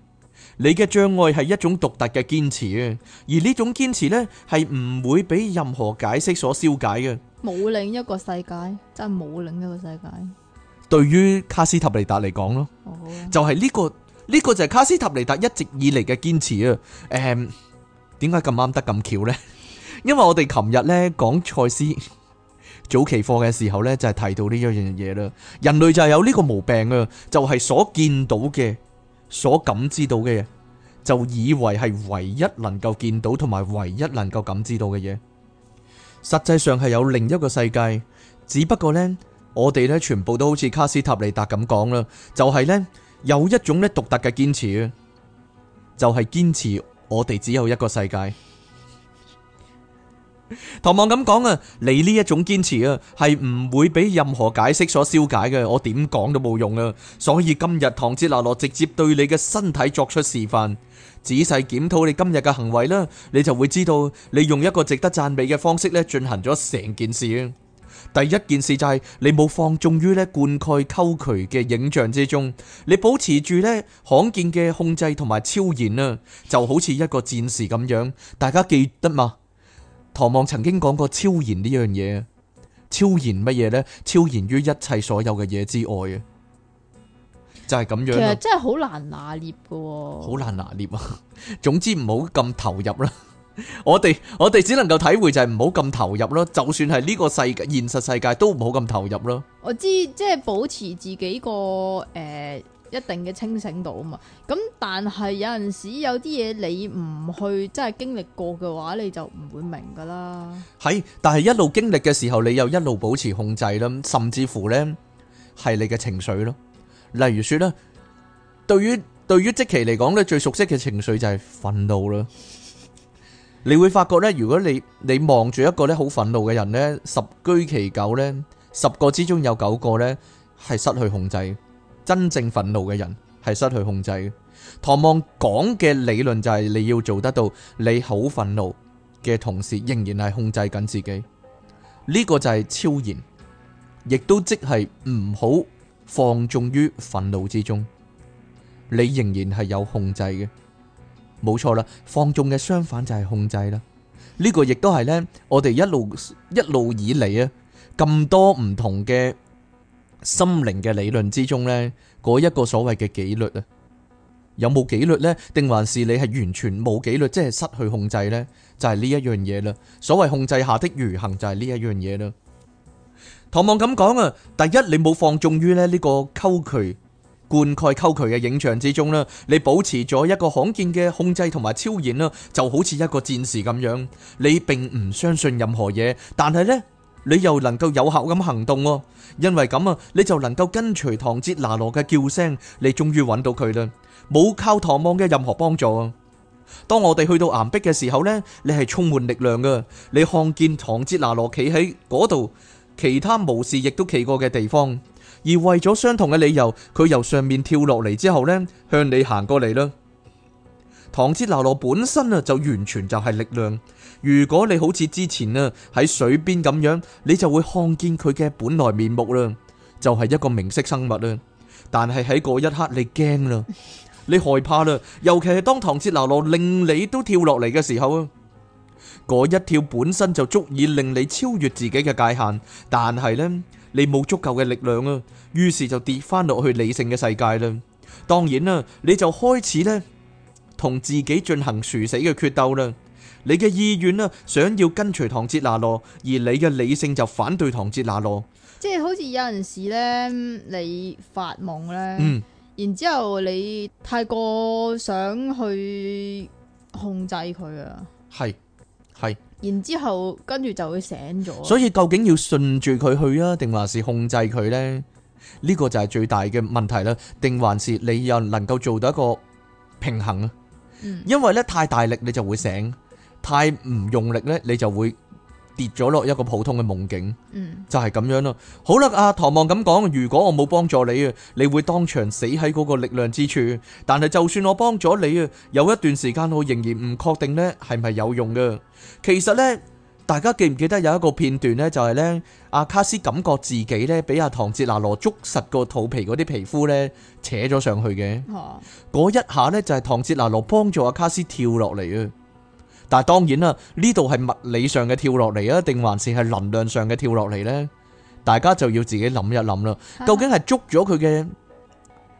你嘅障礙係一種獨特嘅堅持，而呢種堅持呢，係唔會俾任何解釋所消解嘅。冇另一個世界，真係冇另一個世界。對於卡斯塔尼達嚟講咯，就係呢個呢個就係卡斯塔尼達一直以嚟嘅堅持啊。誒，點解咁啱得咁巧呢？因為我哋琴日呢講賽斯早期課嘅時候呢，就係提到呢一樣嘢啦。人類就係有呢個毛病啊，就係所見到嘅、所感知到嘅嘢，就以為係唯一能夠見到同埋唯一能夠感知到嘅嘢。實際上係有另一個世界，只不過呢，我哋咧全部都好似卡斯塔尼達咁講啦，就係呢，有一種咧獨特嘅堅持啊，就係堅持我哋只有一個世界。唐望咁講啊，你呢一種堅持啊，係唔會俾任何解釋所消解嘅，我點講都冇用啊，所以今日唐哲拿羅直接對你嘅身體作出示範。仔細檢討你今日嘅行為啦，你就會知道你用一個值得讚美嘅方式咧進行咗成件事。第一件事就係、是、你冇放縱於咧灌溉溝渠嘅影像之中，你保持住呢罕見嘅控制同埋超然啊，就好似一個戰士咁樣。大家記得嗎？唐望曾經講過超然呢樣嘢，超然乜嘢呢？「超然於一切所有嘅嘢之外啊！就係咁樣啦。其實真係好難拿捏噶，好難拿捏啊！總之唔好咁投入啦。我哋我哋只能夠體會就係唔好咁投入咯。就算係呢個世界現實世界都唔好咁投入咯。我知即係保持自己個誒一定嘅清醒度啊嘛。咁但係有陣時有啲嘢你唔去真係經歷過嘅話，你就唔會明噶啦。係，但係一路經歷嘅時候，你又一路保持控制啦，甚至乎呢係你嘅情緒咯。例如說咧，對於對於即期嚟講咧，最熟悉嘅情緒就係憤怒啦。你會發覺咧，如果你你望住一個咧好憤怒嘅人咧，十居其九咧，十個之中有九個咧係失去控制。真正憤怒嘅人係失去控制。唐望講嘅理論就係你要做得到，你好憤怒嘅同時仍然係控制緊自己。呢個就係超然，亦都即係唔好。放縱於憤怒之中，你仍然係有控制嘅，冇錯啦。放縱嘅相反就係控制啦。呢個亦都係咧，我哋一路一路以嚟啊，咁多唔同嘅心靈嘅理論之中咧，嗰一個所謂嘅紀律啊，有冇紀律咧？定還是你係完全冇紀律，即係失去控制咧？就係呢一樣嘢啦。所謂控制下的愚行就係呢一樣嘢啦。唐望咁講啊，第一你冇放縱於呢呢個溝渠灌溉溝渠嘅影像之中啦，你保持咗一個罕見嘅控制同埋超然啦，就好似一個戰士咁樣，你並唔相信任何嘢，但係呢你又能夠有效咁行動喎，因為咁啊，你就能夠跟隨唐哲拿羅嘅叫聲，你終於揾到佢啦，冇靠唐望嘅任何幫助啊。當我哋去到岩壁嘅時候呢，你係充滿力量噶，你看見唐哲拿羅企喺嗰度。其他無事亦都企過嘅地方，而為咗相同嘅理由，佢由上面跳落嚟之後呢，向你行過嚟啦。唐熾拿羅本身啊就完全就係力量，如果你好似之前啊喺水邊咁樣，你就會看見佢嘅本來面目啦，就係一個明色生物啦。但係喺嗰一刻你驚啦，你害怕啦，尤其係當唐熾拿羅令你都跳落嚟嘅時候啊。嗰一跳本身就足以令你超越自己嘅界限，但係呢，你冇足夠嘅力量啊，於是就跌翻落去理性嘅世界啦。當然啦，你就開始呢同自己進行殊死嘅決鬥啦。你嘅意願啦，想要跟隨唐哲拿羅，而你嘅理性就反對唐哲拿羅。即係好似有陣時呢，你發夢咧，嗯，然之後你太過想去控制佢啊，係。係，然之後跟住就會醒咗。所以究竟要順住佢去啊，定還是控制佢呢？呢個就係最大嘅問題啦。定還是你又能夠做到一個平衡啊？因為呢太大力你就會醒，太唔用力呢你就會跌咗落一個普通嘅夢境，嗯、就係咁樣咯。好啦，阿唐望咁講，如果我冇幫助你啊，你會當場死喺嗰個力量之處。但係就算我幫咗你啊，有一段時間我仍然唔確定呢係咪有用㗎。其實呢，大家記唔記得有一個片段呢？就係、是、呢，阿、啊、卡斯感覺自己呢，俾阿、啊、唐·哲拿羅捉實個肚皮嗰啲皮膚呢，扯咗上去嘅。嗰、哦、一下呢，就係、是、唐·哲拿羅幫助阿、啊、卡斯跳落嚟啊。但係當然啦，呢度係物理上嘅跳落嚟啊，定還是係能量上嘅跳落嚟呢？大家就要自己諗一諗啦。究竟係捉咗佢嘅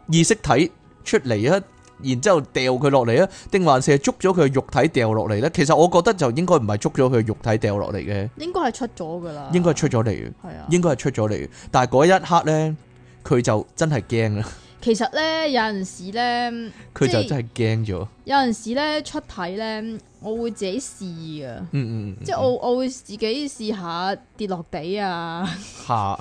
意識體出嚟啊，然之後掉佢落嚟啊，定還是係捉咗佢嘅肉體掉落嚟呢？其實我覺得就應該唔係捉咗佢嘅肉體掉落嚟嘅，應該係出咗噶啦，應該係出咗嚟，係啊，應該係出咗嚟。但係嗰一刻呢，佢就真係驚啦。其實咧，有陣時咧，佢就真係驚咗。有陣時咧，出體咧，我會自己試噶。嗯嗯，嗯，嗯嗯，即係我我會自己試下跌落地啊。吓，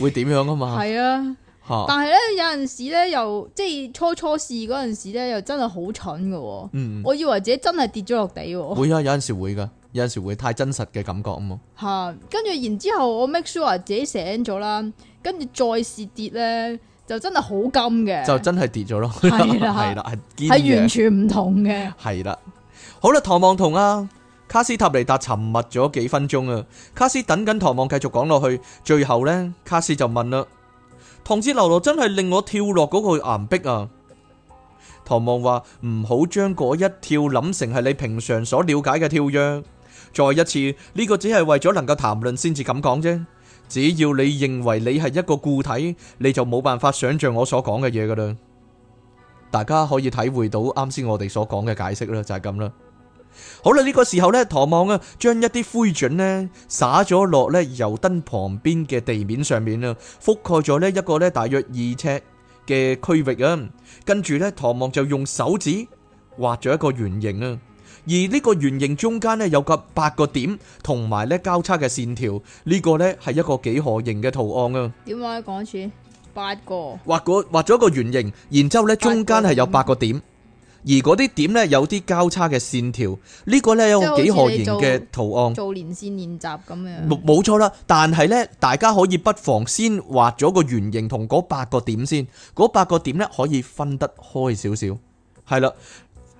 會點樣啊嘛？係 啊。哈但係咧，有陣時咧，又即係初初試嗰陣時咧，又真係好蠢噶，啊。嗯，嗯，嗯。我以為自己真係跌咗落地，啊。會啊，有陣時會噶，有陣時會太真實嘅感覺啊嘛。吓、嗯， 跟住然之後我 make sure 自己醒咗啦，跟住再試跌咧。就真係好金嘅，就真係跌咗咯，係啦，係完全唔同嘅，係啦。好啦，唐望同啊卡斯塔尼達沉默咗幾分鐘啊，卡斯等緊唐望繼續講落去。最後呢，卡斯就問啦：唐字流羅真係令我跳落嗰個岩壁啊？唐望話唔好將嗰一跳諗成係你平常所了解嘅跳躍。再一次，呢個只係為咗能夠談論先至咁講啫。只要你認為你係一個固體，你就冇辦法想象我所講嘅嘢噶啦。大家可以體會到啱先我哋所講嘅解釋啦，就係咁啦。好啦，呢個時候咧，唐望啊，將一啲灰燼咧灑咗落咧油燈旁邊嘅地面上面啊，覆蓋咗咧一個咧大約二尺嘅區域啊。跟住咧，唐望就用手指畫咗一個圓形啊。而呢個圓形中間咧有個八個點，同埋咧交叉嘅線條，呢個咧係一個幾何形嘅圖案啊！點解講住八個？畫個畫咗個圓形，然之後咧中間係有八個點，而嗰啲點咧有啲交叉嘅線條，呢個咧有個幾何形嘅圖案。做連線練習咁樣。冇冇錯啦，但係咧，大家可以不妨先畫咗個圓形同嗰八個點先，嗰八個點咧可以分得開少少。係啦。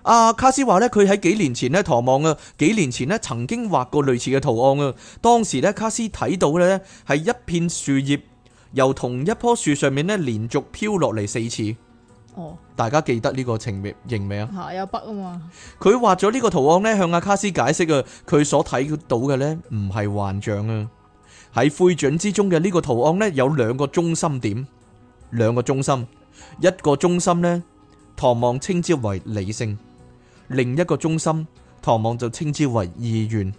阿、啊、卡斯話咧，佢喺幾年前咧，唐望啊，幾年前呢？曾經畫過類似嘅圖案啊。當時咧，卡斯睇到咧，係一片樹葉，由同一棵樹上面咧，連續飄落嚟，四次。哦，大家記得呢個情形未啊？下有筆啊嘛。佢畫咗呢個圖案咧，向阿、啊、卡斯解釋啊，佢所睇到嘅，咧唔係幻象啊。喺灰燼之中嘅呢個圖案咧，有兩個中心點，兩個中心，一個中心咧，唐望稱之為理性。另一個中心，唐望就稱之為意願。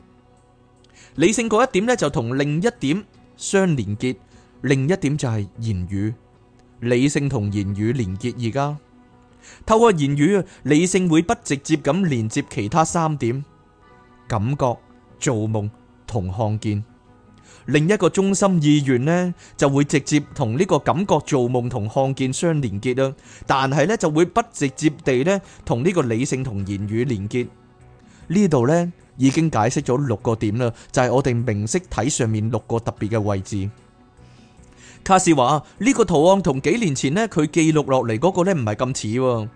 理性嗰一點呢，就同另一點相連結。另一點就係言語，理性同言語連結。而家透過言語，理性會不直接咁連接其他三點：感覺、做夢同看見。另一個中心意願呢，就會直接同呢個感覺、做夢同看見相連結啦。但係呢，就會不直接地呢，同呢個理性同言語連結。呢度呢，已經解釋咗六個點啦，就係我哋明識體上面六個特別嘅位置。卡斯話呢個圖案同幾年前呢，佢記錄落嚟嗰個呢唔係咁似。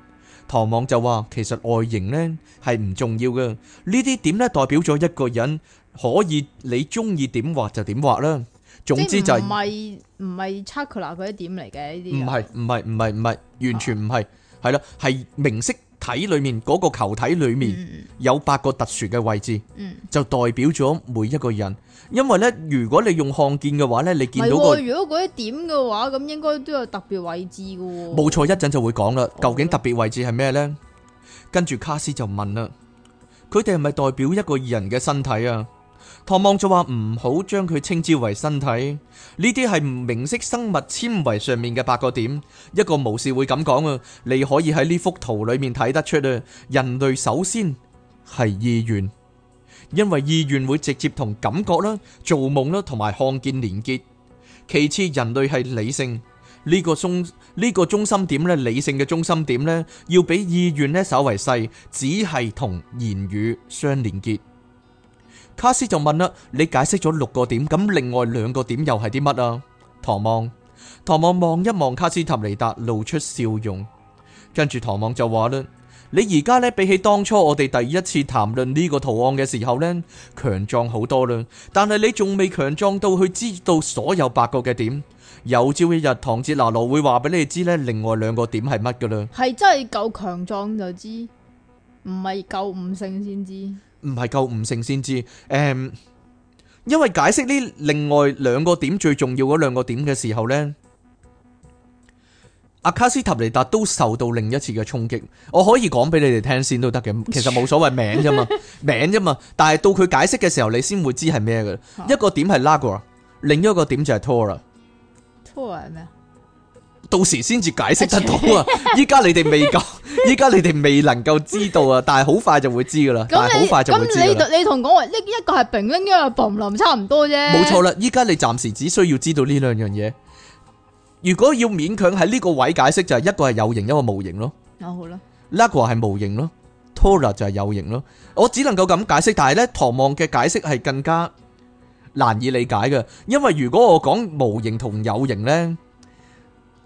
唐望就話其實外形呢係唔重要嘅，呢啲點呢代表咗一個人。可以，你中意點畫就點畫啦。總之就係唔係唔係查克拉嗰一點嚟嘅呢啲？唔係唔係唔係唔係，完全唔係，係啦，係明識體裏面嗰個球體裏面有八個特殊嘅位置，就代表咗每一個人。因為呢，如果你用看見嘅話呢，你見到個如果嗰一點嘅話，咁應該都有特別位置嘅。冇錯，一陣就會講啦。究竟特別位置係咩呢？跟住卡斯就問啦：佢哋係咪代表一個人嘅身體啊？唐望就話唔好將佢稱之為身體，呢啲係明晰生物纖維上面嘅八個點。一個武士會咁講啊，你可以喺呢幅圖裏面睇得出啊。人類首先係意願，因為意願會直接同感覺啦、做夢啦同埋看見連結。其次，人類係理性呢個中呢個中心點咧，理性嘅中心點咧，要比意願咧稍為細，只係同言語相連結。卡斯就問啦：你解釋咗六個點，咁另外兩個點又係啲乜啊？唐望，唐望望一望卡斯塔尼達，露出笑容，跟住唐望就話啦：你而家呢，比起當初我哋第一次談論呢個圖案嘅時候呢，強壯好多啦。但係你仲未強壯到去知道所有八個嘅點。有朝一日，唐哲拿羅會話俾你知呢另外兩個點係乜噶啦？係真係夠強壯就知，唔係夠悟性先知。唔係夠悟性先知，誒，因為解釋呢另外兩個點最重要嗰兩個點嘅時候呢，阿卡斯塔尼達都受到另一次嘅衝擊。我可以講俾你哋聽先都得嘅，其實冇所謂名啫嘛，名啫嘛。但係到佢解釋嘅時候，你先會知係咩嘅。一個點係 Nagual，另一個點就係 Tonal。Tonal 係咩啊？到時先至解釋得到啊！依家你哋未夠，依家你哋未能夠知道啊，但係好快就會知噶啦。但係好快就會知啦。咁你，咁你，你同講話呢一個係平，另一個係唪唥，差唔多啫。冇錯啦，依家你暫時只需要知道呢兩樣嘢。如果要勉強喺呢個位解釋，就係一個係有形，一個無形咯。好啦，Nagual 係無形咯，Tonal 就係有形咯。我只能夠咁解釋，但係咧，唐望嘅解釋係更加難以理解嘅，因為如果我講無形同有形咧。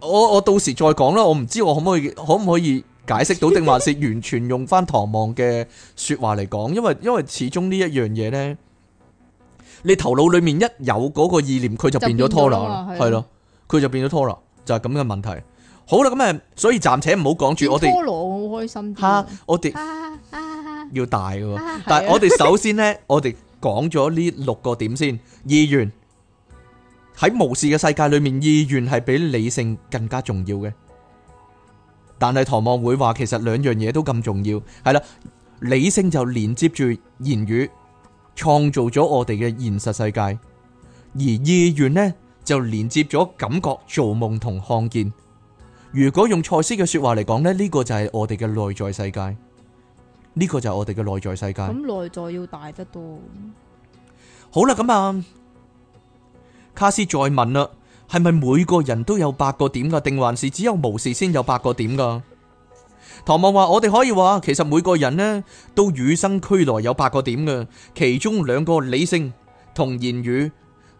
我我到時再講啦，我唔知我可唔可以可唔可以解釋到，定還是完全用翻唐望嘅說話嚟講？因為因為始終呢一樣嘢咧，你頭腦裏面一有嗰個意念，佢就變咗拖羅啦，係咯，佢就變咗拖羅，就係咁嘅問題。好啦，咁誒，所以暫且唔好講住，我哋拖羅好開心。吓，我哋要大嘅，但係我哋首先咧，我哋講咗呢六個點先，意願。喺巫士嘅世界裏面，意願係比理性更加重要嘅。但係唐望會話，其實兩樣嘢都咁重要。係啦，理性就連接住言語，創造咗我哋嘅現實世界；而意願呢，就連接咗感覺、造夢同看見。如果用蔡斯嘅說話嚟講呢，呢個就係我哋嘅內在世界。呢個就係我哋嘅內在世界。咁內在要大得多。好啦，咁啊。卡斯再問啦，係咪每個人都有八個點噶？定還是只有無事先有八個點噶？唐望話：我哋可以話，其實每個人呢都與生俱來有八個點嘅，其中兩個理性同言語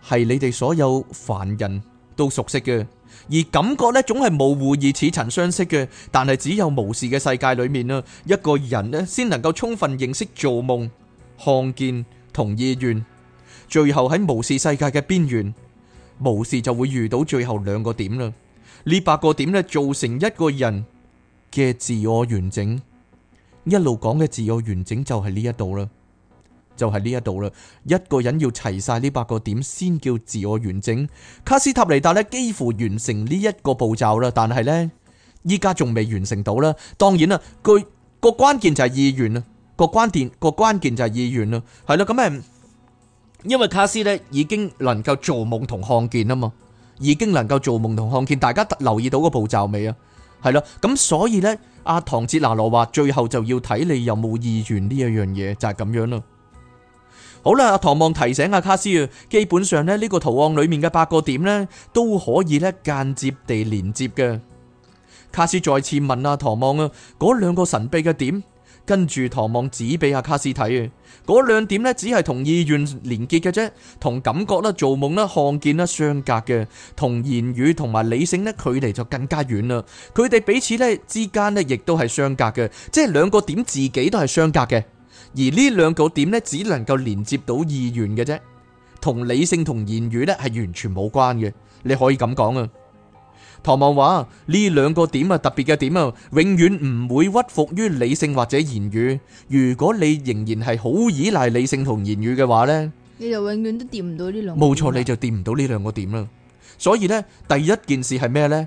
係你哋所有凡人都熟悉嘅，而感覺呢總係模糊而似曾相識嘅。但係只有無事嘅世界裏面啦，一個人呢先能夠充分認識做夢、看見同意願。最後喺巫士世界嘅邊緣，巫士就會遇到最後兩個點啦。呢八個點呢，造成一個人嘅自我完整。一路講嘅自我完整就係呢一度啦，就係呢一度啦。一個人要齊晒呢八個點先叫自我完整。卡斯塔尼達呢，幾乎完成呢一個步驟啦，但係呢，依家仲未完成到啦。當然啦，佢個關鍵就係意願啦，個關鍵個關鍵就係意願啦。係啦，咁誒。因為卡斯咧已經能夠做夢同看見啊嘛，已經能夠做夢同看見，大家留意到個步驟未啊？係啦，咁所以呢，阿唐哲拿羅話，最後就要睇你有冇意願呢一樣嘢，就係咁樣啦。好啦，阿唐望提醒阿卡斯啊，基本上呢，呢個圖案裏面嘅八個點呢，都可以呢間接地連接嘅。卡斯再次問阿唐望啊，嗰兩個神秘嘅點。跟住唐望指俾阿卡斯睇啊，嗰兩點咧只係同意願連結嘅啫，同感覺啦、做夢啦、看見啦相隔嘅，同言語同埋理性咧距離就更加遠啦。佢哋彼此咧之間咧亦都係相隔嘅，即係兩個點自己都係相隔嘅，而呢兩個點咧只能夠連接到意願嘅啫，同理性同言語咧係完全冇關嘅，你可以咁講啊。唐望話呢兩個點啊特別嘅點啊，永遠唔會屈服於理性或者言語。如果你仍然係好依賴理性同言語嘅話咧，你就永遠都掂唔到呢兩個。冇錯，你就掂唔到呢兩個點啦。所以呢，第一件事係咩呢？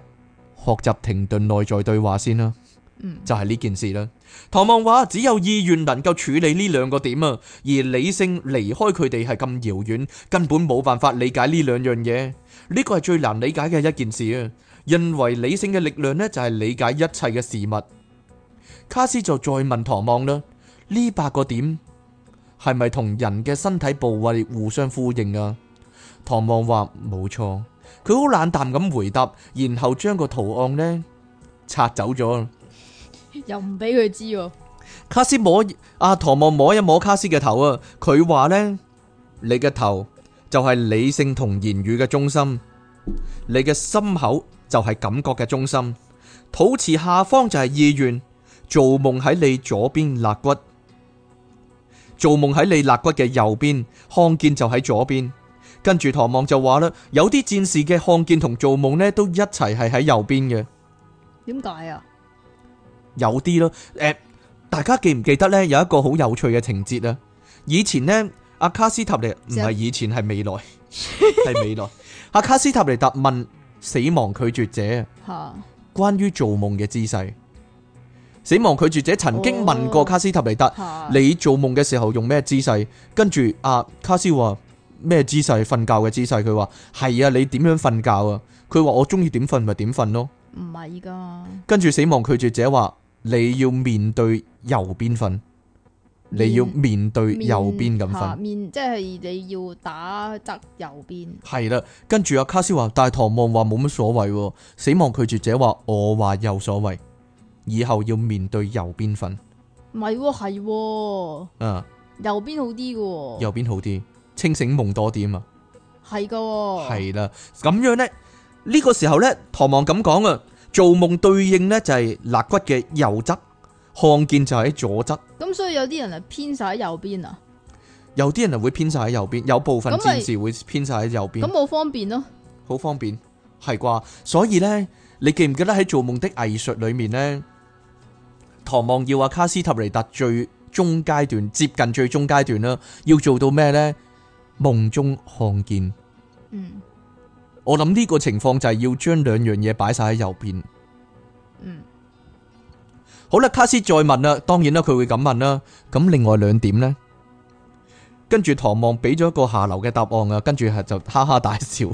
學習停頓內在對話先啦。嗯，就係呢件事啦。唐望話，只有意願能夠處理呢兩個點啊，而理性離開佢哋係咁遙遠，根本冇辦法理解呢兩樣嘢。呢個係最難理解嘅一件事啊。認為理性嘅力量呢，就係理解一切嘅事物。卡斯就再問唐望啦，呢八個點係咪同人嘅身體部位互相呼應啊？唐望話冇錯，佢好冷淡咁回答，然後將個圖案呢拆走咗。又唔俾佢知。卡斯摸阿唐望摸一摸卡斯嘅頭啊，佢話呢，你嘅頭就係理性同言語嘅中心，你嘅心口。就係感覺嘅中心，肚臍下方就係意願，做夢喺你左邊肋骨，做夢喺你肋骨嘅右邊，看見就喺左邊。跟住唐望就話啦，有啲戰士嘅看見同做夢呢，都一齊係喺右邊嘅。點解啊？有啲咯，誒、呃，大家記唔記得呢？有一個好有趣嘅情節啊！以前呢，阿卡斯塔尼唔係以前係未來，係 未來。阿卡斯塔尼答問。死亡拒絕者啊，哈關於做夢嘅姿勢。死亡拒絕者曾經問過卡斯塔尼達，哈你做夢嘅時候用咩姿勢？跟住阿、啊、卡斯話咩姿勢？瞓覺嘅姿勢。佢話係啊，你點樣瞓覺啊？佢話我中意點瞓咪點瞓咯，唔係噶。跟住死亡拒絕者話，你要面對右邊瞓。你要面對右邊咁瞓，啊，面即係你要打側右邊。係啦，跟住阿卡斯話，但係唐望話冇乜所謂，死亡拒絕者話我話有所謂，以後要面對右邊瞓。咪係，哦，啊、哦，嗯、右邊好啲嘅，哦，右邊好啲，清醒夢多啲啊嘛，係噶、哦，係啦，咁樣呢，呢、呢個時候呢，唐望咁講啊，做夢對應呢就係肋骨嘅右側。看見就喺左側，咁所以有啲人係偏晒喺右邊啊，有啲人係會偏晒喺右邊，有部分戰士會偏晒喺右邊，咁冇方便咯，好方便，係啩？所以呢，你記唔記得喺《做夢的藝術》裏面呢？唐望要啊卡斯塔尼達最終階段，接近最終階段啦，要做到咩呢？夢中看見，嗯，我諗呢個情況就係要將兩樣嘢擺晒喺右邊。好啦，卡斯再問啦，當然啦，佢會咁問啦。咁另外兩點呢，跟住唐望俾咗一個下流嘅答案啊，跟住係就哈哈大笑。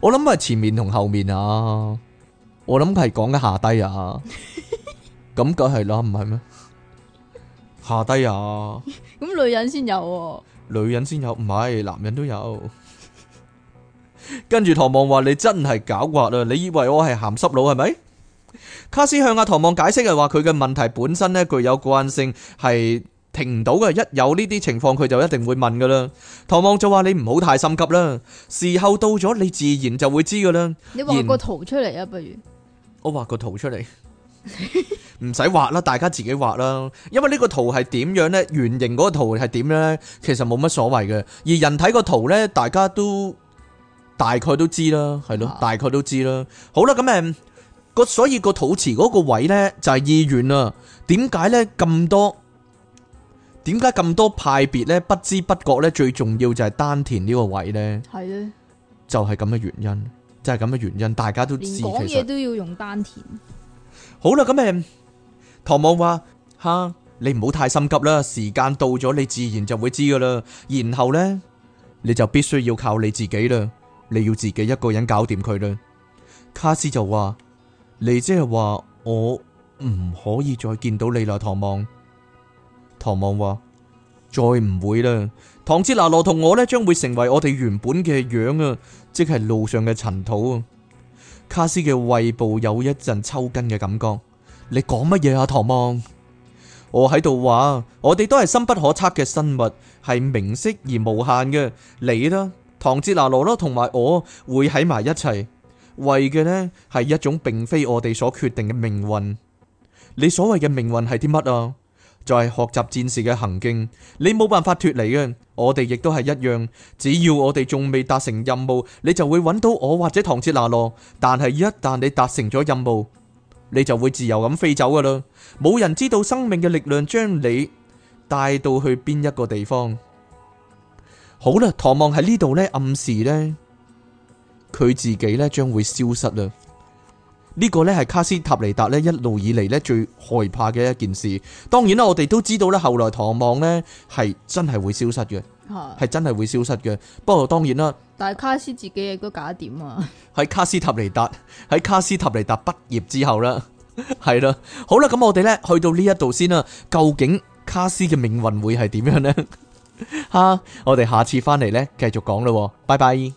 我諗係前面同後面啊，我諗係講緊下低啊，咁梗係啦，唔係咩？下低啊，咁女人先有，女人先有，唔係，男人都有。跟住唐望話：你真係狡猾啊！你以為我係鹹濕佬係咪？卡斯向阿唐望解釋係話佢嘅問題本身咧具有慣性係停唔到嘅，一有呢啲情況佢就一定會問噶啦。唐望就話你唔好太心急啦，時候到咗你自然就會知噶啦。你畫個圖出嚟啊，不如我畫個圖出嚟，唔使畫啦，大家自己畫啦。因為呢個圖係點樣咧，圓形嗰個圖係點咧，其實冇乜所謂嘅。而人體個圖咧，大家都大概都知啦，係咯，大概都知啦。好啦，咁誒。個所以個肚臍嗰個位咧就係醫院啦。點解咧咁多？點解咁多派別咧？不知不覺咧，最重要就係丹田呢個位咧。係咧，就係咁嘅原因，就係咁嘅原因。大家都知，連講嘢都要用丹田。好啦，咁誒，唐望話：吓你唔好太心急啦，時間到咗，你自然就會知噶啦。然後咧，你就必須要靠你自己啦，你要自己一個人搞掂佢啦。卡斯就話。你即係話我唔可以再見到你啦，唐望。唐望話：再唔會啦。唐杰拿羅同我呢，將會成為我哋原本嘅樣啊，即係路上嘅塵土啊。卡斯嘅胃部有一陣抽筋嘅感覺。你講乜嘢啊，唐望？我喺度話，我哋都係深不可測嘅生物，係明晰而無限嘅。你啦，唐杰拿羅囉，同埋我會喺埋一齊。為嘅呢，係一種並非我哋所決定嘅命運。你所謂嘅命運係啲乜啊？就係學習戰士嘅行徑，你冇辦法脫離嘅。我哋亦都係一樣。只要我哋仲未達成任務，你就會揾到我或者唐切拿羅。但係一旦你達成咗任務，你就會自由咁飛走噶啦。冇人知道生命嘅力量將你帶到去邊一個地方。好啦，唐望喺呢度呢，暗示呢。佢自己咧將會消失啦，呢個呢係卡斯塔尼達咧一路以嚟咧最害怕嘅一件事。當然啦，我哋都知道咧，後來唐望呢係真係會消失嘅，係的真係會消失嘅。不過當然啦，但係卡斯自己亦都搞掂啊？喺卡斯塔尼達喺卡斯塔尼達畢業之後啦，係 啦，好啦，咁我哋呢去到呢一度先啦，究竟卡斯嘅命運會係點樣呢？吓， 我哋下次翻嚟咧繼續講啦，拜拜。